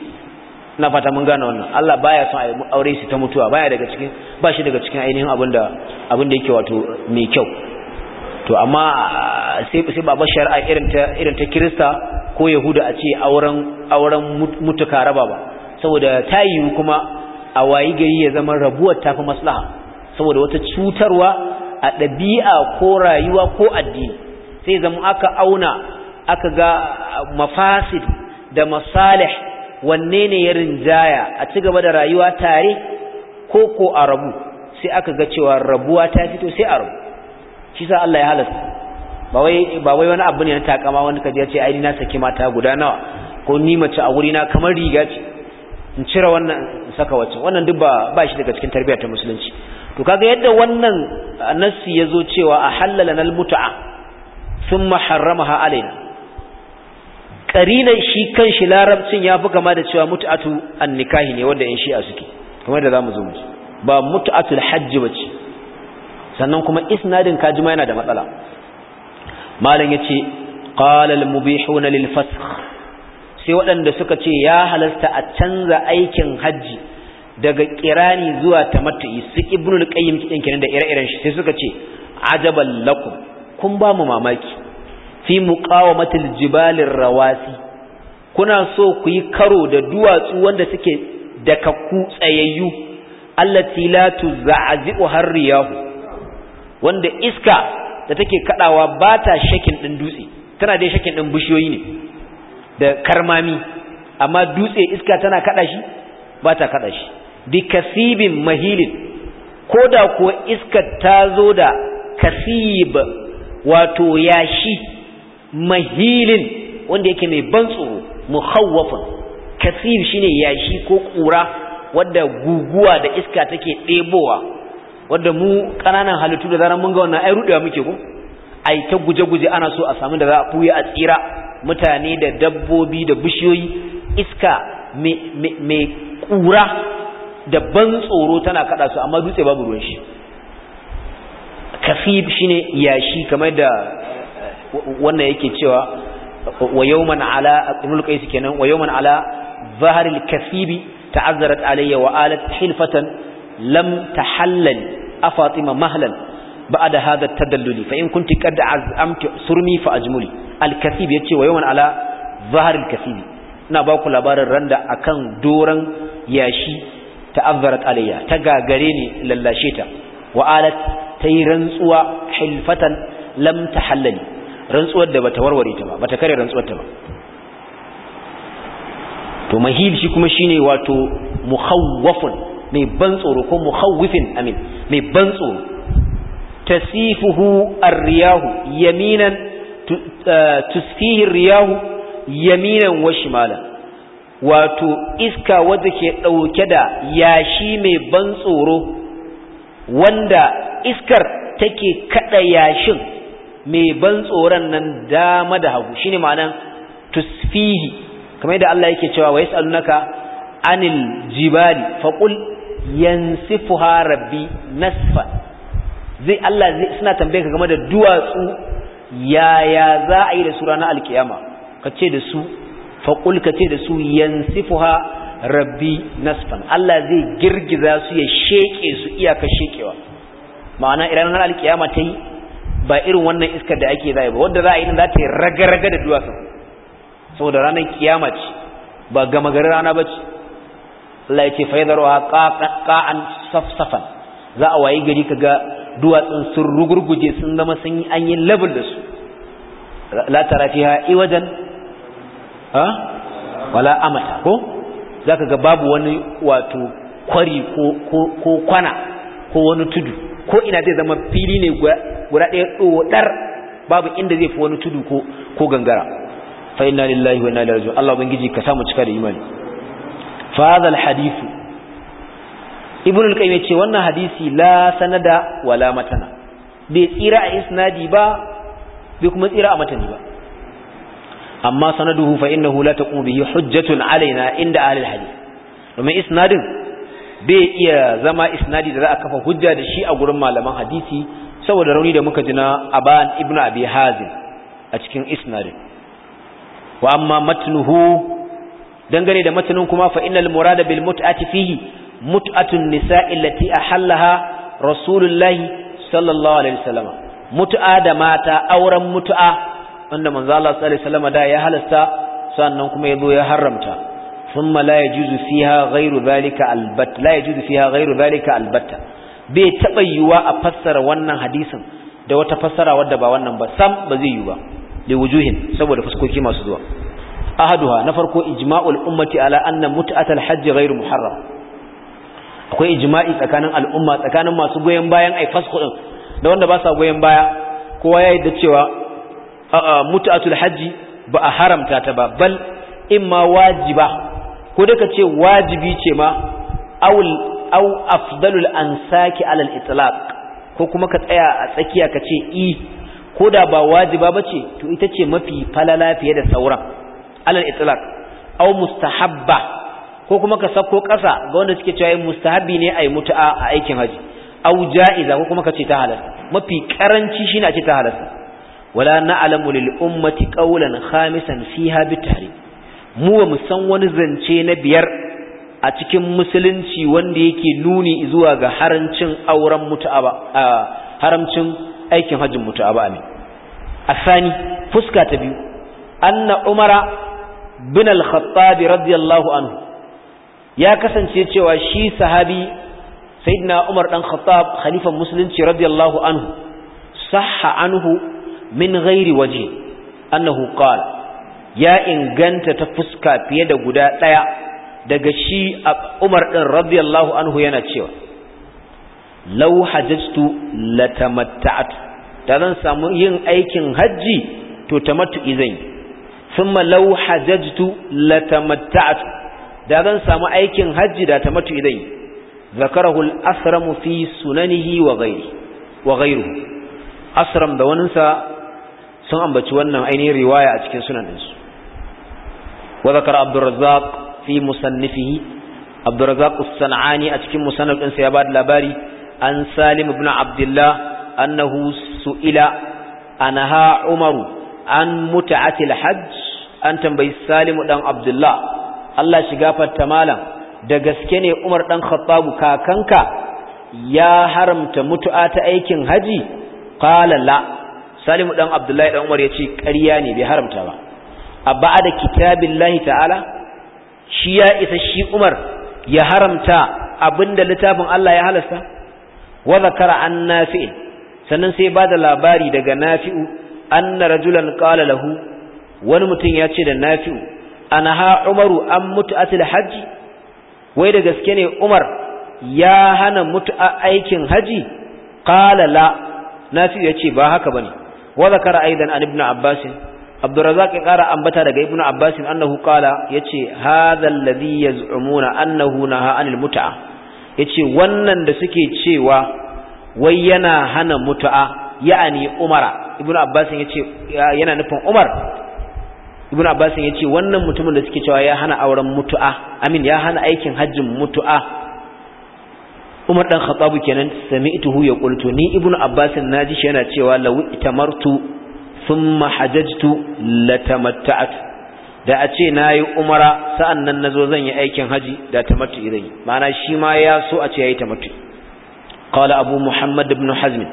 ina fata mun gane wannan Allah baya son a aure shi ta mutuwa baya daga cikin ba shi daga cikin ainihin abinda abinda yake wato mai kyau to amma ah, sai sai baba shar'a irin ta irin ta Kirista ko Yahuda a ce auren auren mutuka raba ba saboda tayi kuma a wayi gari ya zama rabuwar tafi maslaha saboda wata cutarwa a ɗabi'a ko rayuwa ko addini sai zama aka auna aka ga mafasid da masalih wanne ne ya rinjaya a ci gaba da rayuwa tare ko ko a rabu sai aka ga cewa rabuwa ta fito sai a rabu shi sa Allah ya halasta ba wai ba wai wani abu ne na takama wanda kaje ya ce ai na saki mata guda nawa ko ni mace a wuri na kamar riga ce in cire wannan in saka wacce wannan duk ba ba shi daga cikin tarbiyyar ta musulunci to kaga yadda wannan nassi yazo cewa a halala mutu'a mut'a thumma harramaha alaina karinan shi kan shi larabcin ya fi kama da cewa mutu'atu an nikahi ne wanda 'yan shi'a suke kamar da za mu zo musu ba mutu'atul hajji ba ce sannan kuma isnadin kajima yana da matsala malam ya ce ƙalal mubihuna lil fasakh sai waɗanda suka ce ya halasta a canza aikin hajji daga kirani zuwa ta tamattu'i su ibnu al-qayyim kidan kenan da ire-iren shi sai suka ce ajaban lakum kun ba mu mamaki fi muqawamatil jibalir rawasi kuna so ku yi karo da duwatsu wanda suke da kakku tsayayyu allati la tuza'zi'u harriyah wanda iska da take kadawa ba ta shakin din dutse tana dai shakin din bishiyoyi ne da karmami amma dutse iska tana kada shi ba ta kada shi bi kasibin mahilin koda ko iska ta zo da kasib wato yashi mahilin wanda yake mai ban tsoro muhawwafa kasir shine yashi ko kura wadda guguwa da iska take ɗebowa wadda mu ƙananan halittu da zaran mun ga wannan ai rudewa muke ko ai ta guje-guje ana so a samu da za a buya a tsira mutane da dabbobi da bishiyoyi iska mai kura da ban tsoro tana kada su amma dutse babu ruwan shi kasib shine yashi kamar da wannan yake cewa wa yawman ala ibnul qais kenan wa yawman ala zaharil kasibi ta'azzarat alayya wa alat hilfatan lam tahallal afatima mahlan ba'da hadha at-tadalluli fa in kunti qad azamti surmi fa ajmuli al-kasib yace wa yawman ala zaharil kasibi ina ba ku labarin randa akan doran yashi ta'azzarat alayya ta gagare ni lallashe ta wa alat tayi rantsuwa hilfatan lam tahallali rantsuwar da bata warware ta ba bata kare rantsuwar ta ba to mahil shi kuma shine wato mukhawwafun mai ban tsoro ko mukhawwifin amin mai ban tsoro tasifuhu ar-riyahu yaminan eh, tusfihi ar-riyahu yaminan wa shimalan wato iska wadda ke dauke da yashi mai ban tsoro wanda iskar take kada yashin mai ban tsoron nan dama da hagu shine ma'anan tusfihi kamar yadda Allah yake cewa wa yas'alunaka anil jibali faqul yansifuha rabbi nasfa zai Allah zai suna tambayar ka game da duwatsu yaya za a yi da su ranar alkiyama ka ce da su faqul ka ce da su yansifuha rabbi nasfan Allah zai girgiza su ya sheke su iyaka shekewa ma'ana ranar alkiyama ta yi ba irin wannan iskar da ake zai ba wadda za a yi nan za ta yi raga-raga da duwatsu saboda ranar kiyama ce ba gama gari rana ba ce Allah ya ce faidarwa ka'an safsafan za a wayi gari ka ga duwatsun sun rugurguje sun zama sun yi an yi da su la tara fiha ha wala amata ko zaka ga babu wani wato kwari ko kwana ko wani tudu ko ina zai zama fili ne guda ɗaya ɗar babu inda zai fi wani tudu ko gangara fa inna lillahi wa inna ilaihi raji'un Allah ubangiji ka samu cika da imani fa hadha alhadith ibn al-qayyim yace wannan hadisi la sanada wala matana bai tsira a isnadi ba bai kuma tsira a matani ba amma sanaduhu fa innahu la taqumu bihi hujjatun alaina inda ahli alhadith domin isnadin bai iya zama isnadi da za a kafa hujja da shi a gurin malaman hadisi saboda rauni da muka ji na aban ibn abi hazim a cikin isnadin wa amma matnuhu dangane da matnun kuma fa innal murada bil mut'ati fihi mut'atun nisa'i allati ahallaha rasulullahi sallallahu alaihi wasallam mut'a da mata auren mut'a wanda manzo Allah sallallahu alaihi wasallam da ya halasta sannan kuma yazo ya haramta ثم لا يجوز فيها غير ذلك البت لا يجوز فيها غير ذلك البت bai taba yiwa a fassara wannan hadisin da wata fassara wadda ba wannan ba sam ba zai yiwa. Da li wujuhin saboda fuskoki masu zuwa ahaduha na farko ijma'ul ummati ala anna mut'atal hajj ghairu muharram akwai ijma'i tsakanin al'umma tsakanin masu goyen bayan ai fasko din da wanda ba sa goyen baya kowa ya yarda cewa mut'atul hajji ba a haramta ta ba bal imma wajiba ko da ka ce wajibi ce ma awul aw afdalul ansaki alal itlaq ko kuma ka tsaya a tsakiya ka ce i ko da ba wajiba bace to ita ce mafi falala fiye da sauran alal itlaq aw mustahabba ko kuma ka sako ƙasa ga wanda suke cewa mustahabi ne yi mutu'a a aikin haji Au ja'iza ko kuma ka ce ta halasta mafi karanci shine a ce ta halasta wala na'lamu lil ummati qawlan khamisan fiha bitarih mu ba mu san wani zance na biyar a cikin musulunci wanda yake nuni zuwa ga harancin auren haramcin aikin hajjin mutuaba ba asani fuska ta biyu anna umara bin al-khattab radiyallahu anhu ya kasance cewa shi sahabi sayyidina umar dan khattab khalifan musulunci radiyallahu anhu sahha anhu min ghairi waje annahu qala ya inganta ta fuska fiye da guda ɗaya daga shi Umar ɗin radiyallahu anhu yana cewa law hajjatu latamatta'at da zan samu yin aikin haji to tamattu zan yi thumma law hajjatu latamatta'at da zan samu aikin haji da tamattu zan yi zakarahu al-asram fi sunanihi wa ghairi wa ghairu asram da waninsa sun ambaci wannan ainihin riwaya a cikin sunan ɗinsu وذكر عبد الرزاق في مصنفه عبد الرزاق الصنعاني أتكم مصنف إنسى يباد لباري أن سالم بن عبد الله أنه سئل أنها عمر عن متعة الحج أن تنبي سالم بن عبد الله الله شقافة تمالا da gaske ne Umar dan Khattab kakanka ya haramta mutu'a ta aikin haji qala la Salim dan Abdullahi dan Umar yace ƙarya ne bai haramta ba a ba'ada kitabillahi ta'ala shi ya isa shi Umar ya haramta abinda littafin Allah ya halasta wa zakara an nafi'in sannan sai ba da labari daga nafi'u anna rajulan qala lahu wani mutum ya ce da nafi'u anaha umaru an mutu mut'atil hajji wai da gaske ne Umar ya hana mutu a aikin haji qala la nafi'u ya ce ba haka bane wa zakara aidan an ibn abbasin Abdurrazzaq ya ƙara ambata daga Ibn Abbas annahu qala yace hadha alladhi yaz'umuna annahu naha anil mut'a yace wannan da suke cewa wai yana hana mutu'a ya'ani Umara Ibn Abbas yace yana nufin Umar Ibn Abbas yace wannan mutumin da suke cewa ya hana auren mutu'a amin ya hana aikin hajjin mutu'a Umar dan Khattab kenan sami'tuhu ya ni Ibn Abbas naji shi yana cewa law itamartu thumma hajajtu latamatta'tu da a ce nayi umara sa'an na nazo zan yi aikin haji da tamattu zan yi ma'ana shi ma ya so a ce yayi tamattu qala abu muhammad ibn Hazmin.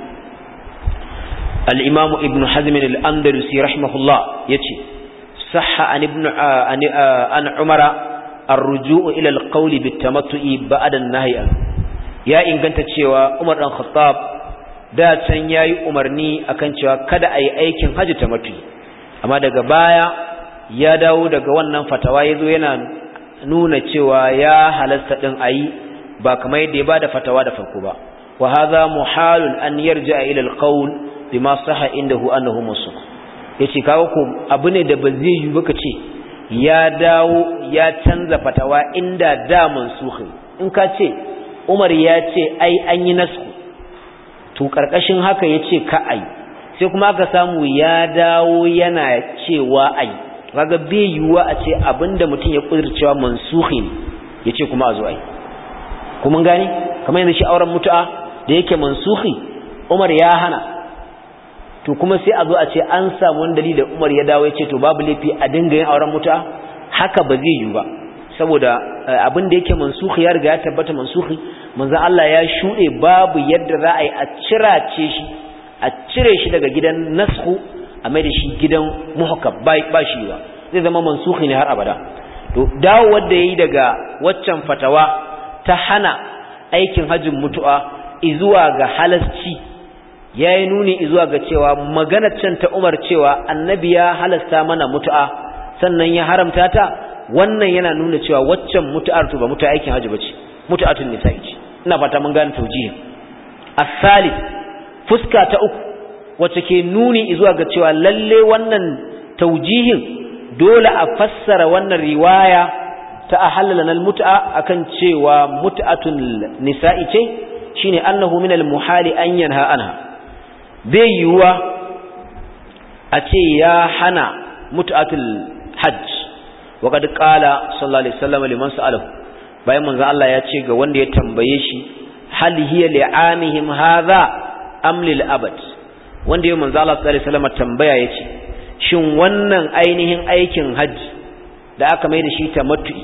al ibn Hazmin al-andalusi ya yace sahha an umara an umara الرجوع إلى القول بالتمتع ba'adan النهي ya inganta cewa Umar ɗan Khattab da can ya yi umarni akan cewa kada a yi aikin hajji ta mutu amma daga baya ya dawo daga wannan fatawa ya zo yana nuna cewa ya halasta ɗin a yi ba kamar yadda ya ba da fatawa da farko ba wa haza muhalun an yarja ila alqaul bima hu indahu annahu musu yace kawo ku abu ne da ba zai yi ba ce ya dawo ya canza fatawa inda da mansuhi in ka ce Umar ya ce ai an yi nasu to karkashin haka yace ka ai sai kuma aka samu ya dawo yana cewa ai kaga bai yiwuwa a ce abinda mutum ya kudircewa mansukhin yace kuma a zo ai kuma gane kamar yanzu shi auren mutu'a da yake mansukhi Umar ya hana to kuma sai a zo a ce an samu wani dalili da Umar ya dawo yace to babu laifi a dinga yin auren mutu'a haka ba zai yiwu ba saboda eh, abinda da yake mansukhi ya riga ya tabbata mansukhi manzo Allah ya shuɗe babu yadda za a yi a cirace shi a cire shi daga gidan nasku a mai da shi gidan muhakkab ba shi ba zai zama mansukhi ne har abada to dawo wanda yayi daga waccan fatawa ta hana aikin hajjin mutu'a izuwa ga halasci yayi nuni izuwa ga cewa maganar can ta umar cewa annabi ya halasta mana mutu'a sannan ya haramta ta wannan yana nuna cewa waccan mutu'ar to ba mutu'a aikin hajji bace mutu'atun nisa'i ce ina fata mun gane taujihin asali fuska ta uku wacce ke nuni zuwa ga cewa lalle wannan taujihin dole a fassara wannan riwaya ta ahallana almut'a akan cewa mut'atun nisa'i ce shine annahu min almuhali an yanha anha bai yiwa a ce ya hana mut'atul hajj وقد qala صلى الله bayan manzo Allah ya ce ga wanda ya tambaye shi hal hiya li'amihim hadha am lil abad wanda ya manzo Allah sallallahu alaihi wasallam tambaya yace shin wannan ainihin aikin haji da aka mai da shi tamattu'i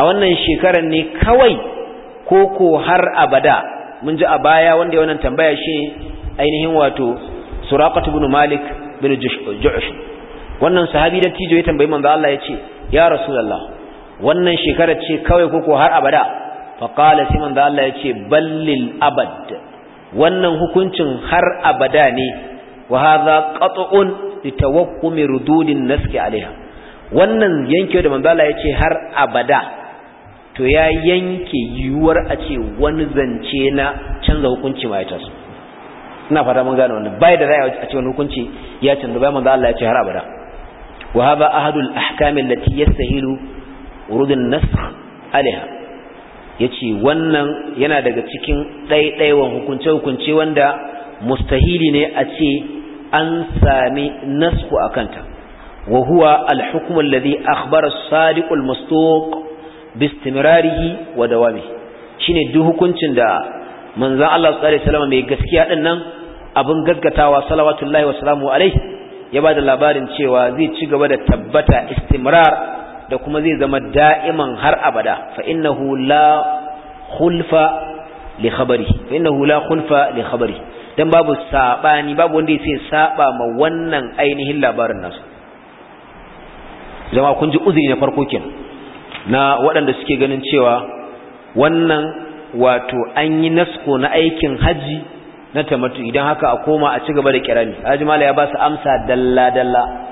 a wannan shekarar ne kawai ko ko har abada mun ji a baya wanda ya wannan tambaya shi ainihin wato suraqat ibn malik bin ju'sh wannan sahabi da tijo ya tambayi manzo Allah yace ya rasulullah wannan shekarar ce kawai kuku har abada faƙala sai da Allah ya ce ballil abad wannan hukuncin har abada ne wa hadha qat'un litawaqqumi rududin naski alaiha wannan yanke da manzo Allah ya ce har abada to ya yanke yiwuwar a ce wani zance na canza hukunci ma ya ina fata mun gane wannan bai da za a ce wani hukunci ya canza bai manzo Allah ya ce har abada wa hadha ahadul ahkam allati yastahilu urudun nasakh ya yace wannan yana daga cikin ɗaiɗaiwan hukunce-hukunce wanda mustahili ne a ce an sami nasku a kanta wa huwa alhukum alladhi akhbara as-sadiq al-mastuq wa dawami shine duk hukuncin da manzan Allah sallallahu alaihi mai gaskiya din nan abin gaggatawa salawatullahi wa salamu alaihi ya da labarin cewa zai ci gaba da tabbata istimrar da kuma zai zama da'iman har abada fa innahu la khulfa li khabari fa innahu la khulfa li dan babu sabani babu wanda yake saɓa ma wannan ainihin labarin nasu jama'a kun ji uzuri na farko na waɗanda suke ganin cewa wannan wato an yi nasko na aikin haji na tamatu idan haka a koma a ci gaba da kirani haji mala ya ba su amsa dalla dalla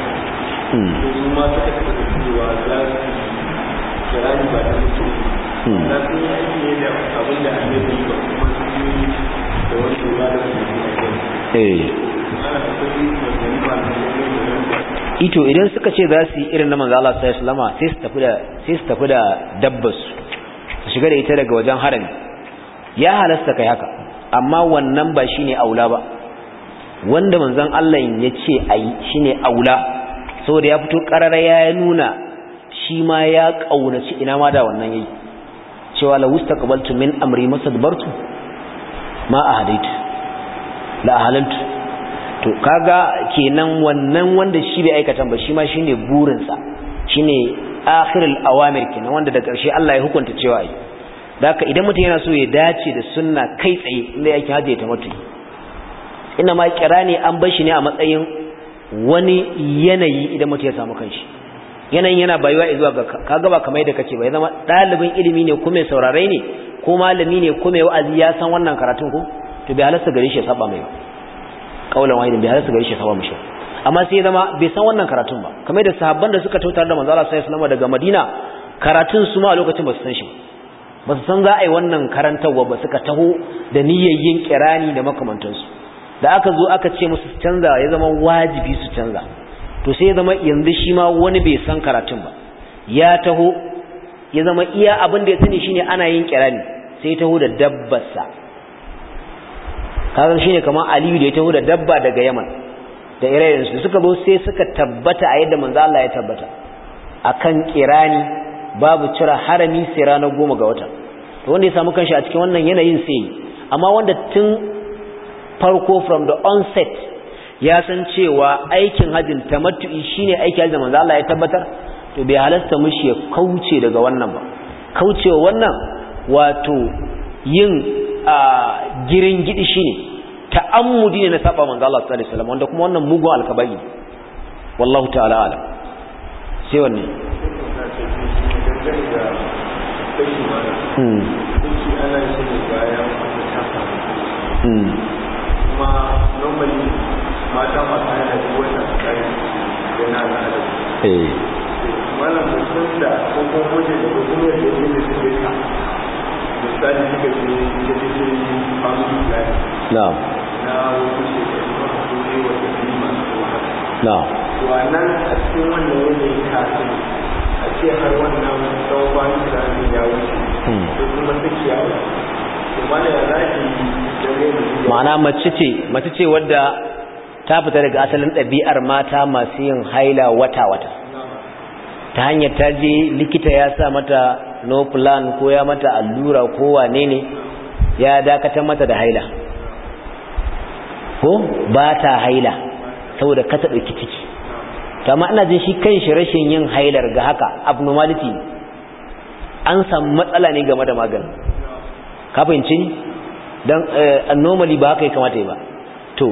Hmm. Hmm. Eh. ito idan suka ce za su yi irin na manzala Allah sai su tafi da dabbas su shiga da ita daga wajen harami ya halasta kai haka amma wannan ba shi shine aula ba wanda manzon Allah ya ce ayi shine aula saboda ya fito karara ya nuna shi ma ya kaunaci ina ma da wannan yayi cewa la wustaqbaltu min amri masadbartu ma ahadaitu la ahalantu to kaga kenan wannan wanda shi bai aikata ba shi ma shine burin sa shine akhirul awamir kenan wanda da karshe Allah ya hukunta cewa yi daka idan mutum yana so ya dace da sunna kai tsaye inda yake haje ta mutu ina ma kirani ne an bar shi ne a matsayin wani yanayi idan mutum ya samu kanshi yanayin yana bayuwa zuwa ga ka gaba kamar yadda kake ba ya zama ɗalibin ilimi ne kuma saurare ne ko malami ne kuma ya wa'azi ya san wannan karatun ko to bai halasta gare shi ya saba mai kaulan wahidin bai halasta gare shi ya saba mishi amma sai ya zama bai san wannan karatun ba kamar da sahabban da suka tautar da manzo Allah sallallahu daga Madina karatun su ma a lokacin ba su san shi ba su san za a yi wannan karantarwa ba suka taho da niyyar yin kirani da makamantansu da aka zo aka ce musu su canza ya zama wajibi su canza to sai ya zama yanzu shi ma wani bai san karatun ba ya taho ya zama iya abin da ya sani shine ana yin kirani sai ya taho da dabbarsa kaga shine kamar Aliyu da ya taho da dabba daga Yaman da irayen su suka zo sai suka tabbata a yadda manzo Allah ya tabbata akan kirani babu cira harami sai ranar goma ga wata to wanda ya samu kanshi a cikin wannan yanayin sai amma wanda tun farko from the onset ya san cewa aikin hajjin tamattu'i shine aikin hajjin manzo Allah ya tabbatar to bai halasta mishi ya kauce daga wannan ba kaucewa wannan wato yin a girin gidi shine ta'ammudi ne na saba manzo Allah sallallahu alaihi wasallam wanda kuma wannan mugun alkabai wallahu ta'ala ala sai wannan hmm, hmm. kuma normally mata masu hana duk wannan tsari yana al'ada eh. malam mutum da ko kuma da ko kuma yadda yake da su bai ka misali suka ce da ce ce family plan na'am na wasu shekaru masu ne wata biyu masu wahala na'am wannan a cikin wannan yanayin kafin a ce har wannan tsawon bayan da ya wuce ko hmm. kuma suke yawon ma'ana mace ce mace ce wadda ta fita daga asalin ɗabi'ar mata masu yin haila wata-wata ta hanyar ta je likita ya sa mata no plan ko ya mata allura ko wane ne ya dakatar mata da haila ko ba ta haila saboda kasa ɗauki ciki ta ma'ana jin shi kan shi rashin yin hailar ga haka abnormality an samu matsala ne game da maganin ka fahimci ni dan eh, normally ba haka ya kamata yi ba to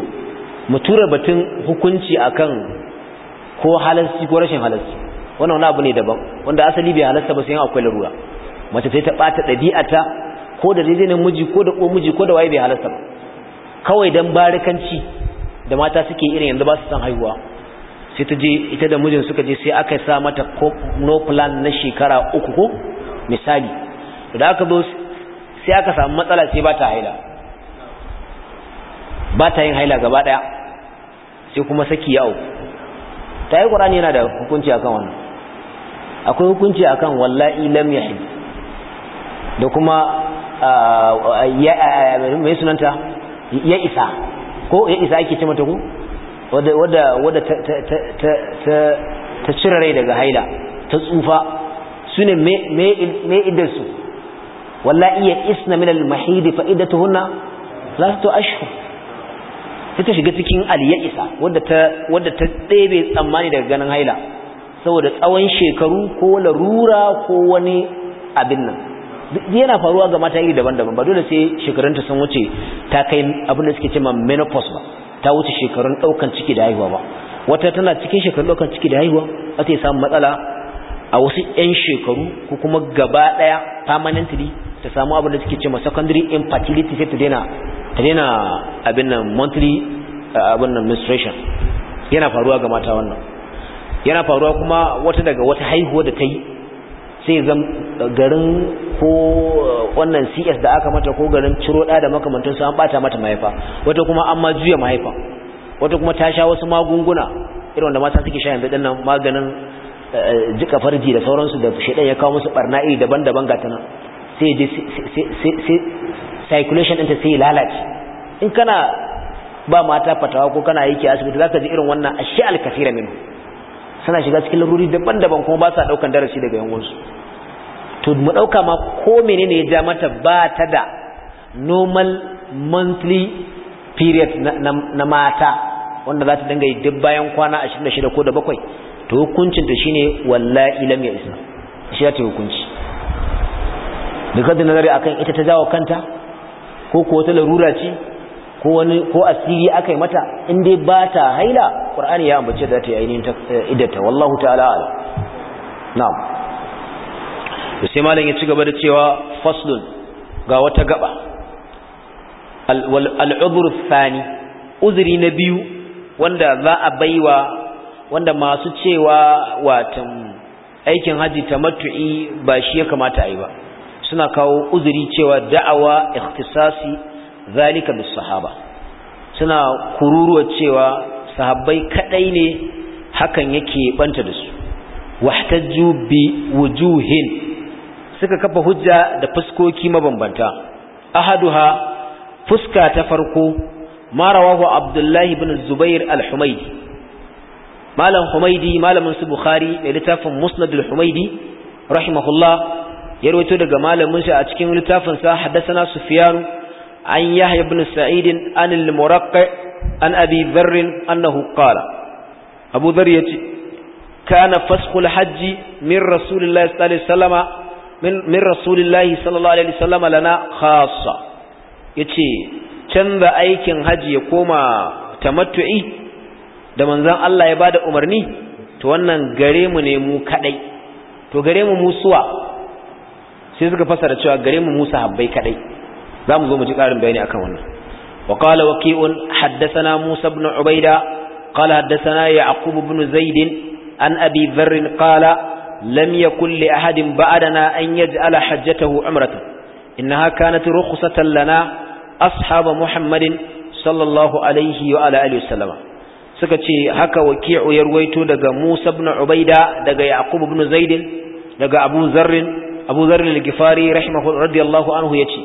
mu tura batun hukunci akan ko halarci ko rashin halarci wannan wani abu ne daban wanda asali bai halarta ba sai yin akwai larura mace sai ta bata ɗabi'ata ko da nan miji ko da ko miji ko da waye bai halarta ba kawai dan barikanci da mata suke irin yanzu ba su san haihuwa sai ta je ita da mijin suka je sai aka sa mata no plan na shekara uku ko misali da aka zo sai aka samu matsala sai ba ta haila ba ta yin haila gaba daya sai kuma saki yawo ta yi ƙwarani yana da hukunci akan wannan akwai hukunci akan wallahi lam yahi da kuma ah, mai sunanta ya isa ko ya isa ake ce mata ku wadda wadda ta cire rai daga haila ta tsufa su ne mai idarsu wallahi ya isna min al-mahid idatuhunna la tu sai ita shiga cikin al-ya'isa wanda ta wanda ta tsebe tsammani daga ganin haila saboda tsawon shekaru ko larura ko wani abin nan yana faruwa ga mata iri daban-daban ba dole sai shekarunta sun wuce ta kai abin da suke cewa menopause ba ta wuce shekarun daukan ciki da haihuwa ba wata tana cikin shekarun daukan ciki da haihuwa a ta samu matsala a wasu 'yan shekaru ko kuma gaba ɗaya permanently ta samu abin da suke cewa secondary infertility sai ta daina ta dena abin nan monthly abin nan menstruation yana faruwa ga mata wannan yana faruwa kuma wata daga wata haihuwa da ta yi sai zan garin ko wannan cs da aka mata ko garin ciro ɗa da su an ɓata mata mahaifa wata kuma an ma juya mahaifa wata kuma ta sha wasu magunguna irin wanda mata suke sha yanzu ɗin nan maganin jika farji da sauransu da shaidan ya kawo musu barna iri daban-daban ga tana sai ji circulation ɗinta sai lalace in kana ba mata fatawa ko kana yake asibiti za ka ji irin wannan ashe alkafira minu suna shiga cikin laruri daban-daban kuma ba sa ɗaukan darasi daga yankunsu to mu ɗauka ma ko menene ya ja mata ba ta da normal monthly period na mata wanda za ta dinga yi duk bayan kwana 26 ko da bakwai to hukuncin ta shine wallahi lam ya isa shi ta hukunci da kada nazari akan ita ta jawo kanta ko ko ta larura ce ko wani ko asiri akai mata in dai ba ta haila qur'ani ya ambace da ta yayin ta iddata wallahu ta'ala ala na'am sai malam ya ci gaba da cewa faslun ga wata gaba al-udhr thani uzuri na biyu wanda za a baiwa wanda masu cewa watan aikin haji tamattu'i ba shi ya kamata a yi ba suna kawo uzuri cewa da'awa ikhtisasi zalika bis sahaba suna kururuwa cewa sahabbai kadai ne hakan yake banta da su wahtajju bi wujuhin suka kafa hujja da fuskoki mabambanta ahaduha fuska ta farko ma rawahu abdullahi ibn zubair al-humaydi malam humaidi malamin su bukhari mai littafin musnadul humaidi rahimahullah ya rawaito daga malamin shi a cikin littafin sa haddathana sufyan an yahya ibn sa'id an al-muraqqi an abi dharr annahu qala abu dharr yace kana fasxul hajji min rasulillahi sallallahu alaihi wasallama min rasulillahi sallallahu alaihi wasallama lana khassa yace canza aikin haji ya koma tamattu'i da manzon Allah ya bada umarni to wannan gare mu ne mu kadai to gare mu musuwa sai suka fasara cewa gare mu musa habbai kadai zamu zo mu ji karin bayani akan wannan wa qala waqi'un haddathana musa ibn ubaida qala haddathana yaqub ibn zaid an abi dharr qala lam yakul li ahadin ba'dana an yaj'ala hajjatahu umratan innaha kanat rukhsatan lana ashab muhammadin sallallahu alayhi wa ala alihi wa sallama suka ce haka waki'u ya ruwaito daga Musa ibn Ubaida daga Yaqub ibn Zaid daga Abu Zarr Abu Zarr al-Ghifari radiyallahu anhu yace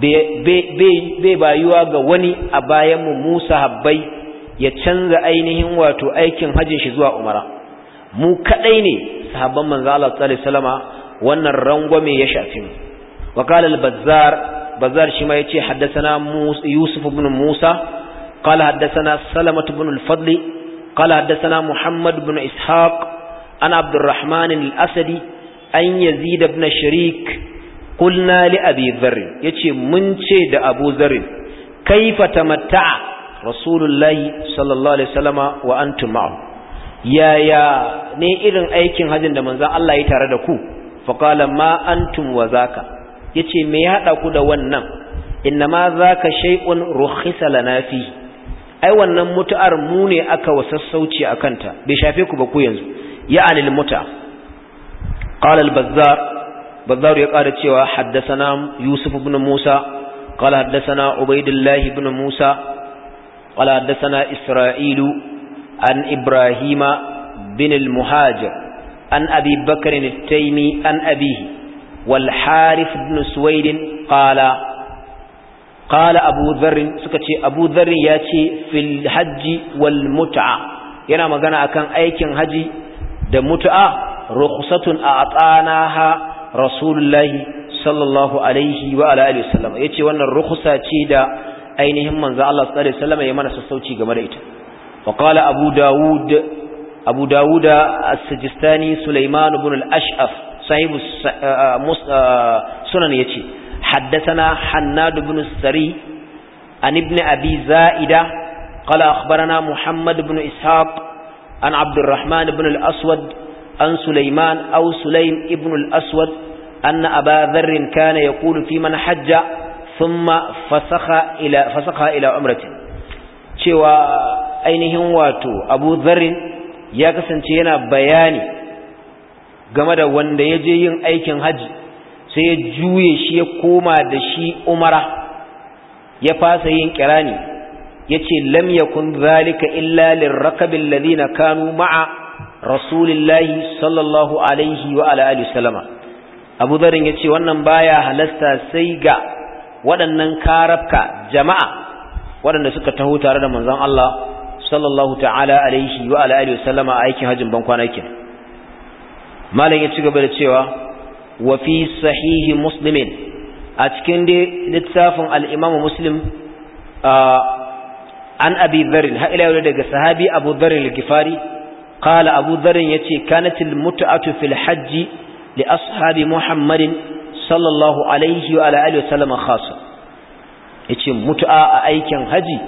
bai bayuwa ga wani a bayan mu Musa habbai ya canza ainihin wato aikin hajjin shi zuwa umara mu kadai ne sahabban manzo Allah sallallahu alaihi wasallama wannan rangwame ya shafi mu wa qala al-Bazzar Bazzar shi ma yace haddathana Yusuf ibn Musa قال حدثنا سلمة بن الفضل قال حدثنا محمد بن إسحاق عن عبد الرحمن الأسدي أن يزيد بن شريك قلنا لأبي ذر يتي منشي دا أبو ذر كيف تمتع رسول الله صلى الله عليه وسلم وأنتم معه يا يا ني إذن أيكين هذين دا منزا الله يتاردكو فقال ما أنتم وذاك يتي ميهاتكو دا ونم إنما ذاك شيء رخص لنا فيه ai wannan mutu'ar mu ne aka wasassauci a kanta bai shafe ku ba ku yanzu ya anil muta qala al bazzar bazzar ya ƙara cewa haddathana yusuf ibn musa qala haddathana ubaidillah ibn musa qala haddathana isra'ilu an ibrahima bin al muhajir an abi bakr al taymi an abihi wal harith ibn suwaid qala qala abu dharr suka ce abu ya ce fil hajji yana magana kan aikin haji da mut'a rukhsatun a'tanaha rasulullahi sallallahu alaihi wa ala alihi wasallam yace wannan rukhsa ce da ainihin manza Allah sallallahu alaihi wasallam ya mana sassauci game da ita wa qala abu daud abu daud as ashaf sunan yace حدثنا حناد بن السري عن ابن أبي زائدة قال أخبرنا محمد بن إسحاق عن عبد الرحمن بن الأسود عن سليمان أو سليم ابن الأسود أن أبا ذر كان يقول في من حج ثم فسخ إلى فسخ إلى عمرة cewa ainihin wato abu zarrin ya kasance yana bayani game da wanda ya je yin aikin haji sai ya juye shi ya koma da shi umara ya fasa yin kirani ya ce lam zalika illa lirrakabin ladina kanu ma'a rasulillahi sallallahu alaihi wa ala abu zarin ya ce wannan baya halasta sai ga waɗannan karabka jama'a waɗanda suka taho tare da manzon Allah sallallahu ta'ala alaihi wa ala alihi aikin hajjin ban malam ya ci gaba da cewa wa fi sahihi a cikin dai littafin al-imam an abi dharr ha ila daga sahabi abu dharr al qala abu dharr yace kanatil mut'atu fil hajj li ashabi muhammadin sallallahu alaihi wa ala alihi wasallam khassa yace mut'a a aikin hajji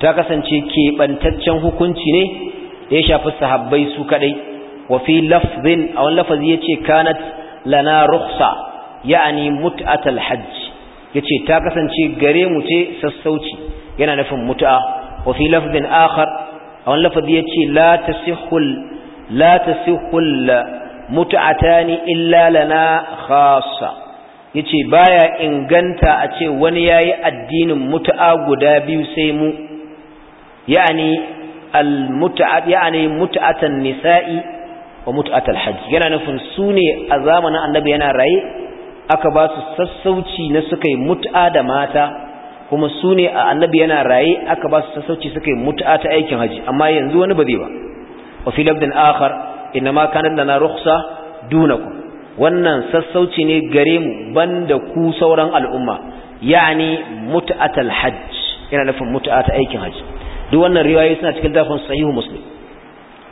ta kasance keɓantaccen hukunci ne ya shafi sahabbai su kadai wa fi lafzin a wani lafazi yace kanat lana rukhsa ya'ani mut'atal hajj yace ta kasance gare mu ce sassauci yana nufin mut'a wa fi lafdin akhar a wani lafazi yace la tasihul la tasihul mut'atani illa lana khassa yace baya inganta a ce wani yayi addinin mut'a guda biyu sai mu ya'ani al mut'a mut'atan nisa'i wa mut'atal hajj yana nufin su ne a zamanin annabi yana raye aka ba su sassauci na suka yi mut'a da mata kuma su ne a annabi yana raye aka ba su sassauci suka yi mut'a ta aikin hajji amma yanzu wani ba zai ba wa fi labdin akhar inma kana lana rukhsa dunakum wannan sassauci ne gare mu banda ku sauran al'umma yani mut'atal hajj yana nufin mut'a ta aikin hajji duk wannan riwayoyi suna cikin dafin sahihu muslim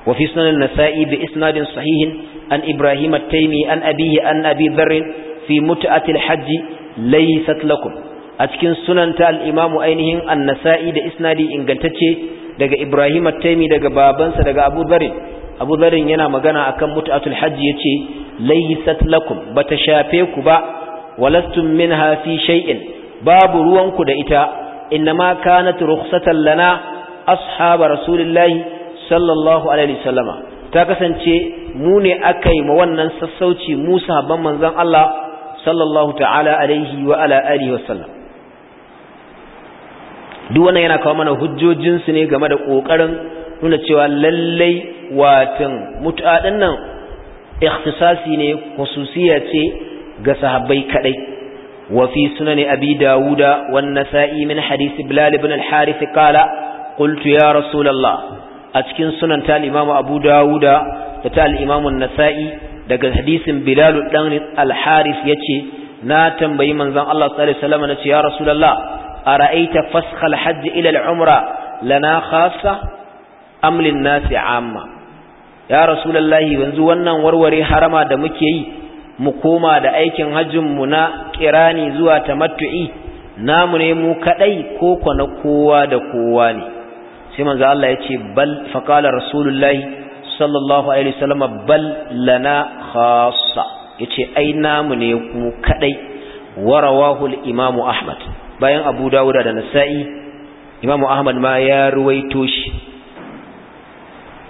وفي سنن النسائي بإسناد صحيح أن إبراهيم التيمي أن أبيه أن أبي ذر في متعة الحج ليست لكم أتكن سنن الإمام أينه النسائي بإسناد إن قلتك daga Ibrahim at-Taimi daga babansa daga Abu Dharr Abu Dharr yana magana akan mut'atul hajj yace laysat lakum bata shafe ku ba walastum minha fi shay'in babu ruwanku da ita innama kanat rukhsatan lana Ashaba rasulillahi sallallahu alaihi sallama ta kasance mu ne aka yi ma wannan sassauci Musa Haban manzon Allah sallallahu ta'ala alaihi wa ala alihi wasallam duk wannan yana kawo mana hujjojinsu ne game da kokarin nuna cewa lallai watan mut'a nan ikhtisasi ne khususiya ce ga sahabbai kadai wa fi sunan abi dawuda wan nasa'i min hadisi bilal ibn al harith qala قلت يا رسول الله a cikin sunan ta al abu dawuda da ta al nasa'i daga hadisin bilal dan al-harith yace na tambayi manzon Allah sallallahu alaihi wasallam nace ya rasulullah ara'aita fasakh al-hajj ila al-umra lana khassa nasi amma ya rasulullahi yanzu wannan warware harama da muke yi mu koma da aikin hajjin mu na kirani zuwa tamattu'i namu ne mu kadai ko na kowa da kowa ne sai manzo Allah ya ce bal faqala rasulullahi sallallahu alaihi wasallam bal lana khassa yace ai namu ne ku kadai warawahu al-imam ahmad bayan abu Dawud da nasa'i imam ahmad ma ya ruwaito shi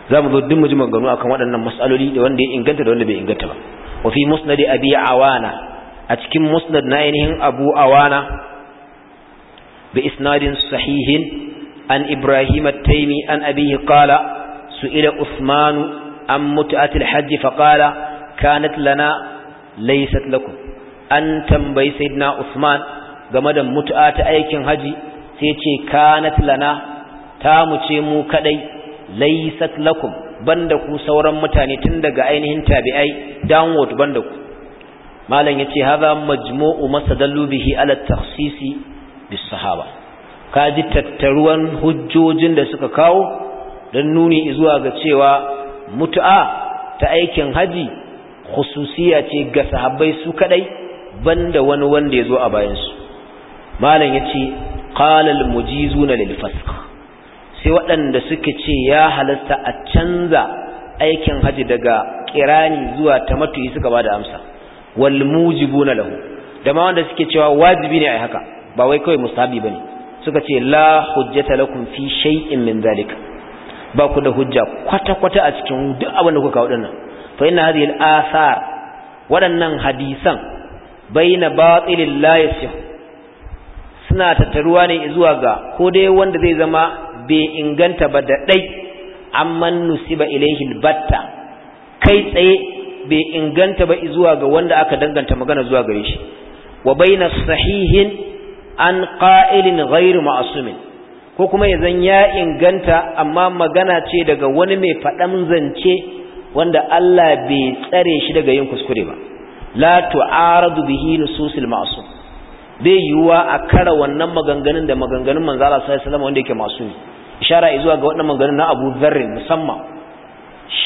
zamu zo duk mu ji akan waɗannan mas'aloli da wanda ya inganta da wanda bai inganta ba wa fi musnad abi awana a cikin musnad na ainihin abu awana bi isnadin sahihin an Ibrahim at-Taymi an abihi qala su'ila Uthman an mut'atil hajj fa qala kanat lana laysat lakum an tambayi sayyidina Usman game da mut'a ta aikin haji sai ce kanat lana ta mu ce mu kadai laysat lakum banda ku sauran mutane tun daga ainihin tabi'ai downward banda ku malam yace hadha majmu'u masadallu bihi ala at-takhsisi bis sahaba ka ji tattaruwan hujjojin da suka kawo don nuni zuwa ga cewa mutu'a ta aikin haji khususiya ce ga sahabbai su kadai banda wani wanda ya zo a bayansu malam ya ce qalal mujizuna lil fasq sai waɗanda suka ce ya halasta a canza aikin haji daga kirani zuwa tamattu'i suka bada amsa wal mujibuna lahu da ma wanda suke cewa wajibi ne ai haka ba wai kawai ba bane suka ce la hujjata lakum fi shay'in min zalika ba ku da hujja kwata kwata a cikin duk abin da kuka wadannan fa inna hadhihi al-athar wadannan hadisan baina batilil la yasih suna tattaruwa ne zuwa ga ko dai wanda zai zama bai inganta ba da dai amma nusiba ilayhi al-batta kai tsaye bai inganta ba zuwa ga wanda aka danganta magana zuwa gare shi wa baina sahihin an qa'ilin ghairu ma'sumin ko kuma yazan ya inganta amma magana ce daga wani mai faɗan zance wanda Allah bai tsare shi daga yin kuskure ba la tu'aradu bihi nususil ma'sum bai yiwuwa a kara wannan maganganun da maganganun manzo Allah sallallahu alaihi wanda yake masumi ishara zuwa ga wannan maganganun na Abu Dharr musamman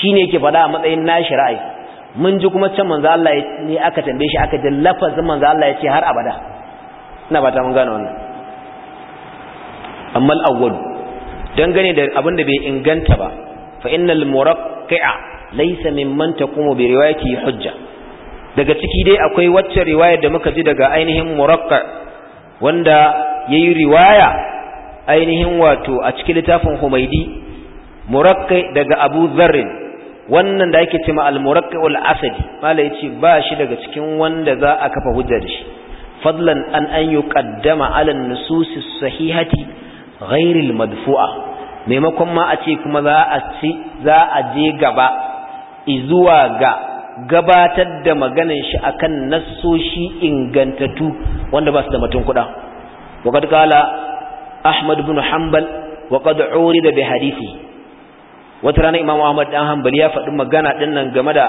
shine yake faɗa a matsayin nashi ra'ayi mun ji kuma can manzo Allah ne aka tambaye shi aka da lafazin manzo Allah ya ce har abada ina ba ta mun gane wannan amma al-awwal dangane da abin da bai inganta ba fa innal muraqqi'a laysa mimman taqumu bi riwayati hujja daga ciki dai akwai wacce riwaya da muka ji daga ainihin muraqqa wanda yayi riwaya ainihin wato a cikin littafin Humaidi muraqqi daga Abu Dharr wannan da yake cewa al-muraqqi al-asadi mala yace ba shi daga cikin wanda za a kafa hujja da shi fadlan an anyo yuqaddama ala nasusi nusus as-sahihati ghayr madfua maimakon ma a ce kuma za a za a je gaba izuwa ga gabatar da maganan shi akan nassoshi ingantattu wanda ba su da mutun kuda waqad qala ahmad ibn hanbal waqad urida bi hadisi wata rana imam ahmad dan hanbali ya faɗi magana ɗin nan game da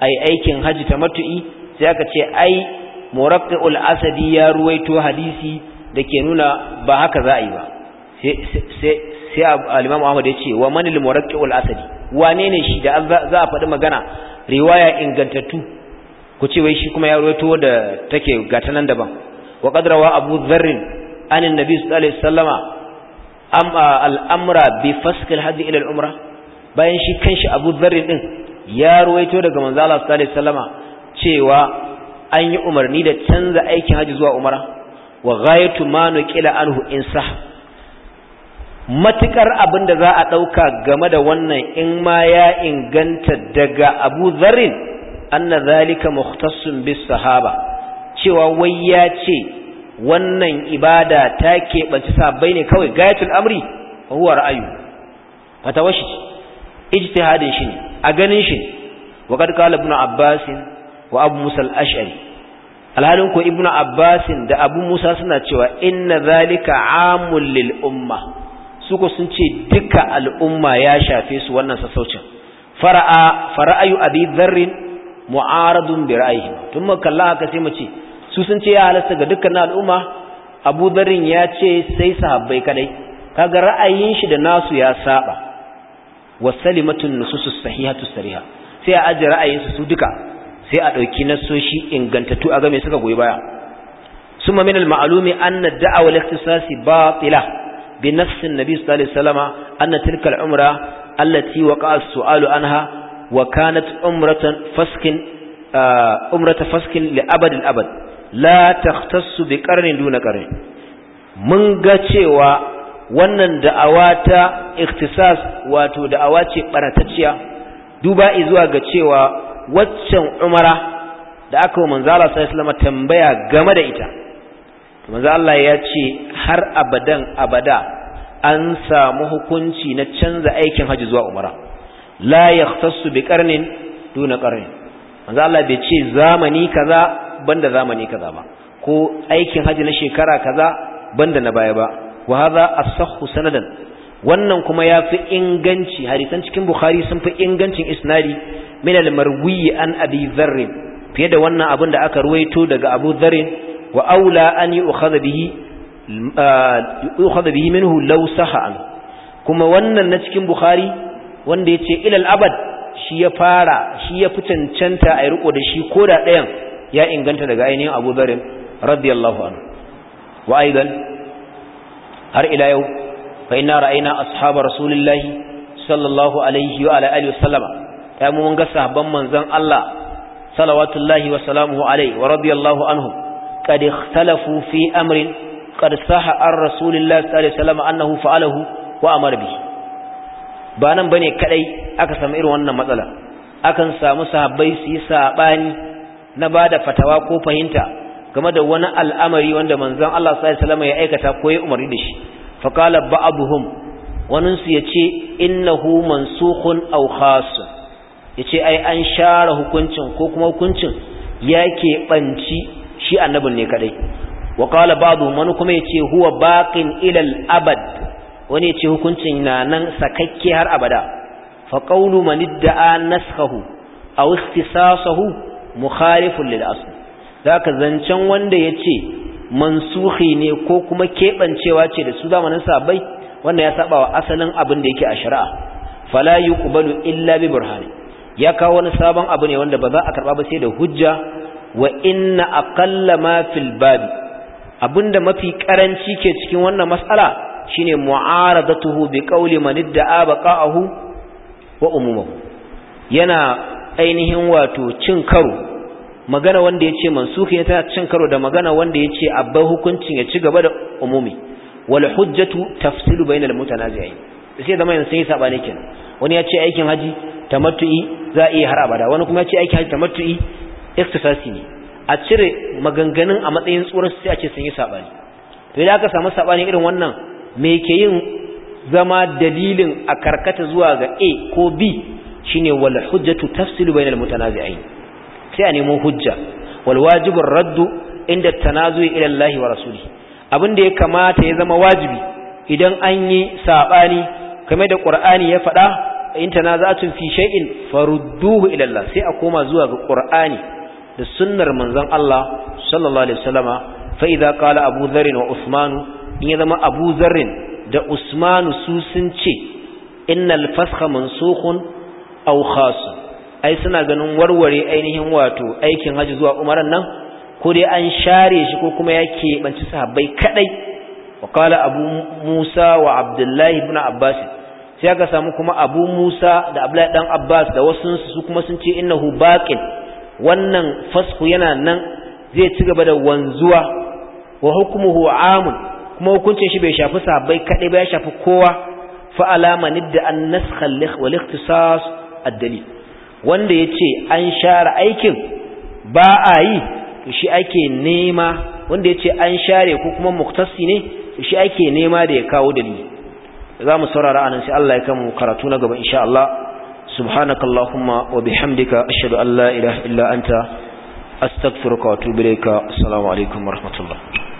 ai aikin haji ta matu'i sai aka ce ai muraqqi'ul asadi ya ruwaito hadisi da ke nuna ba haka za a yi ba sai al-imam ya ce wa manil muraqqi'ul asadi wane ne shi da za a faɗi magana riwaya ingantattu ku ce wai shi kuma ya ruwaito da take gata nan daban wa qad abu dharr an annabi sallallahu alaihi wasallama al-amra bi fasl umra bayan shi kanshi abu ya ruwaito daga cewa an yi umarni da canza aikin haji zuwa umara wa ghayatu ma nuqila anhu insah matukar abin da za a ɗauka game da wannan in ma ya inganta daga Abu zarin anna zalika mukhtassun bis sahaba cewa wai ya ce wannan ibada ta keɓanci sabai ne kawai gayatul amri huwa ra'ayu fatawashi ijtihadin shi a ganin shi wa qad qala ibn abbas wa abu musa al-ash'ari alhalin ko ibnu abbasin da abu musa suna cewa inna zalika amul lil umma su ko sun ce duka al'umma ya shafe su wannan sassaucin fara'a fara'ayu abi dharrin mu'aradun bi ra'ayi tun mu kalla aka sai mu ce su sun ce ya halasta ga dukkan al'umma abu dharrin ya ce sai sahabbai kadai kaga ra'ayin shi da nasu ya saba wasalimatun nususus sahihatu sariha sai a ajiye ra'ayin su duka sai a ɗauki nasoshi ingantattu a game suka goyi baya sun ma minal ma'alumi an na da'awa lakisasi ba tsila bi nassin nabi sallallahu alaihi wasallam an na tilkal umra allati wa anha wa kanat umratan faskin uh, umrata faskin abad la takhtassu bi qarnin duna qarnin mun ga cewa wannan da'awa ta ikhtisas wato da'awa ce baratacciya duba zuwa ga cewa waccan umara da aka wa manzala sallallahu tambaya game da ita manzo ya ce har abadan abada an samu hukunci na canza aikin haji zuwa umara la yahtassu bi qarnin duna qarnin manzo Allah bai ce zamani kaza banda zamani kaza ba ko aikin haji na shekara kaza banda na baya ba wa hadha as-sahhu sanadan wannan kuma ya fi inganci hadisan cikin bukhari sun fi ingancin isnari min al-marwi an abi dharr fiye da wannan abin da aka ruwaito daga abu dharr wa aula an yu'khadha bihi bihi minhu law kuma wannan na cikin bukhari wanda ya ce ilal abad shi ya fara shi ya fi cancanta a riko da shi ko da ɗayan ya inganta daga ainihin abu dharr radiyallahu anhu wa aidan har ila yau fa inna ra'ayna ashab rasulillahi sallallahu alaihi wa ala alihi wasallama ta mu mun ga sahabban manzon wa salamuhu wa radiyallahu anhum qad ikhtalafu fi amrin qad saha ar sallallahu alaihi wasallama annahu fa'alahu wa amara bi ba nan bane kadai aka samu irin wannan matsala akan samu sahabbai su yi sabani na ba da fatawa ko fahimta game da wani al'amari wanda manzon Allah sallallahu alaihi wasallam ya aikata ko ya umarni da shi faƙala ba'abuhum waninsu ya ce innahu mansukhun aw khasun ya ce ai an share hukuncin ko kuma hukuncin ya keɓanci shi annabin ne kadai wa ƙala ba'abuhum wani kuma ya ce huwa baƙin ilal abad wani ya ce hukuncin na nan sakakke har abada faƙaulu manidda'a naskahu aw ikhtisasahu mukhalifun lil asl zaka zancen wanda ya ce mansuhi ne ko kuma keɓancewa ce da su zamanin sabai wannan ya saba wa asalin abin da yake a shari'a fala yuqbalu illa bi burhani ya kawo wani sabon abu ne wanda ba za a karba ba sai da hujja wa inna aqalla ma fil babi abinda mafi karanci ke cikin wannan mas'ala shine mu'aradatuhu bi qawli man idda'a baqa'ahu wa umumahu yana ainihin wato cin karo magana wanda yace mansuhi ne tana cin karo da magana wanda yace abba hukuncin ya ci gaba da umumi wal hujjatu tafsilu bainal mutanazi'in sai zama yanzu sai sabani kenan wani yace aikin haji tamattu'i za a iya har abada wani kuma yace aikin haji tamattu'i ikhtisasi ne a cire maganganun a matsayin tsoron sai a ce sun yi sabani to idan aka samu sabani irin wannan me ke yin zama dalilin a karkata zuwa ga A ko B shine wal hujjatu tafsilu bainal mutanazi'in sai a nemo hujja wal wajibin raddu inda tana ila ilallahi wa rasuli abin da ya kamata ya zama wajibi idan an yi saɓani. kamar da ƙur'ani ya faɗa in tanaza'atun fi shay'in farudduhu ila sai a koma zuwa ga ƙur'ani da sunnar manzon Allah sallallahu alaihi wasallama fa idza qala Abu Dharr wa Usman in ya zama Abu Dharr da Usman su sun ce innal fasha mansukhun aw khasun ai suna ganin warware ainihin wato aikin haji zuwa umaran nan ko dai an share shi ko kuma ya keɓanci sahabbai kaɗai wa kala abu musa wa abdullahi ibn abbas sai aka samu kuma abu musa da abdullahi dan abbas da wasu su kuma sun ce innahu baqin wannan fasku yana nan zai ci gaba da wanzuwa wa hukmuhu amun kuma hukuncin shi bai shafi sahabbai kaɗai ba ya shafi kowa fa alama nidda an naskha wal ikhtisas ad-dalil wanda ya ce an share aikin ba a yi to shi ake nema wanda ya ce an share ko kuma muktasi ne to shi ake nema da ya kawo dalili za mu saurara anan sai Allah ya kama karatu na gaba insha Allah subhanaka allahumma wa bihamdika ashhadu an la ilaha illa anta astaghfiruka wa atubu ilayka assalamu alaikum wa rahmatullah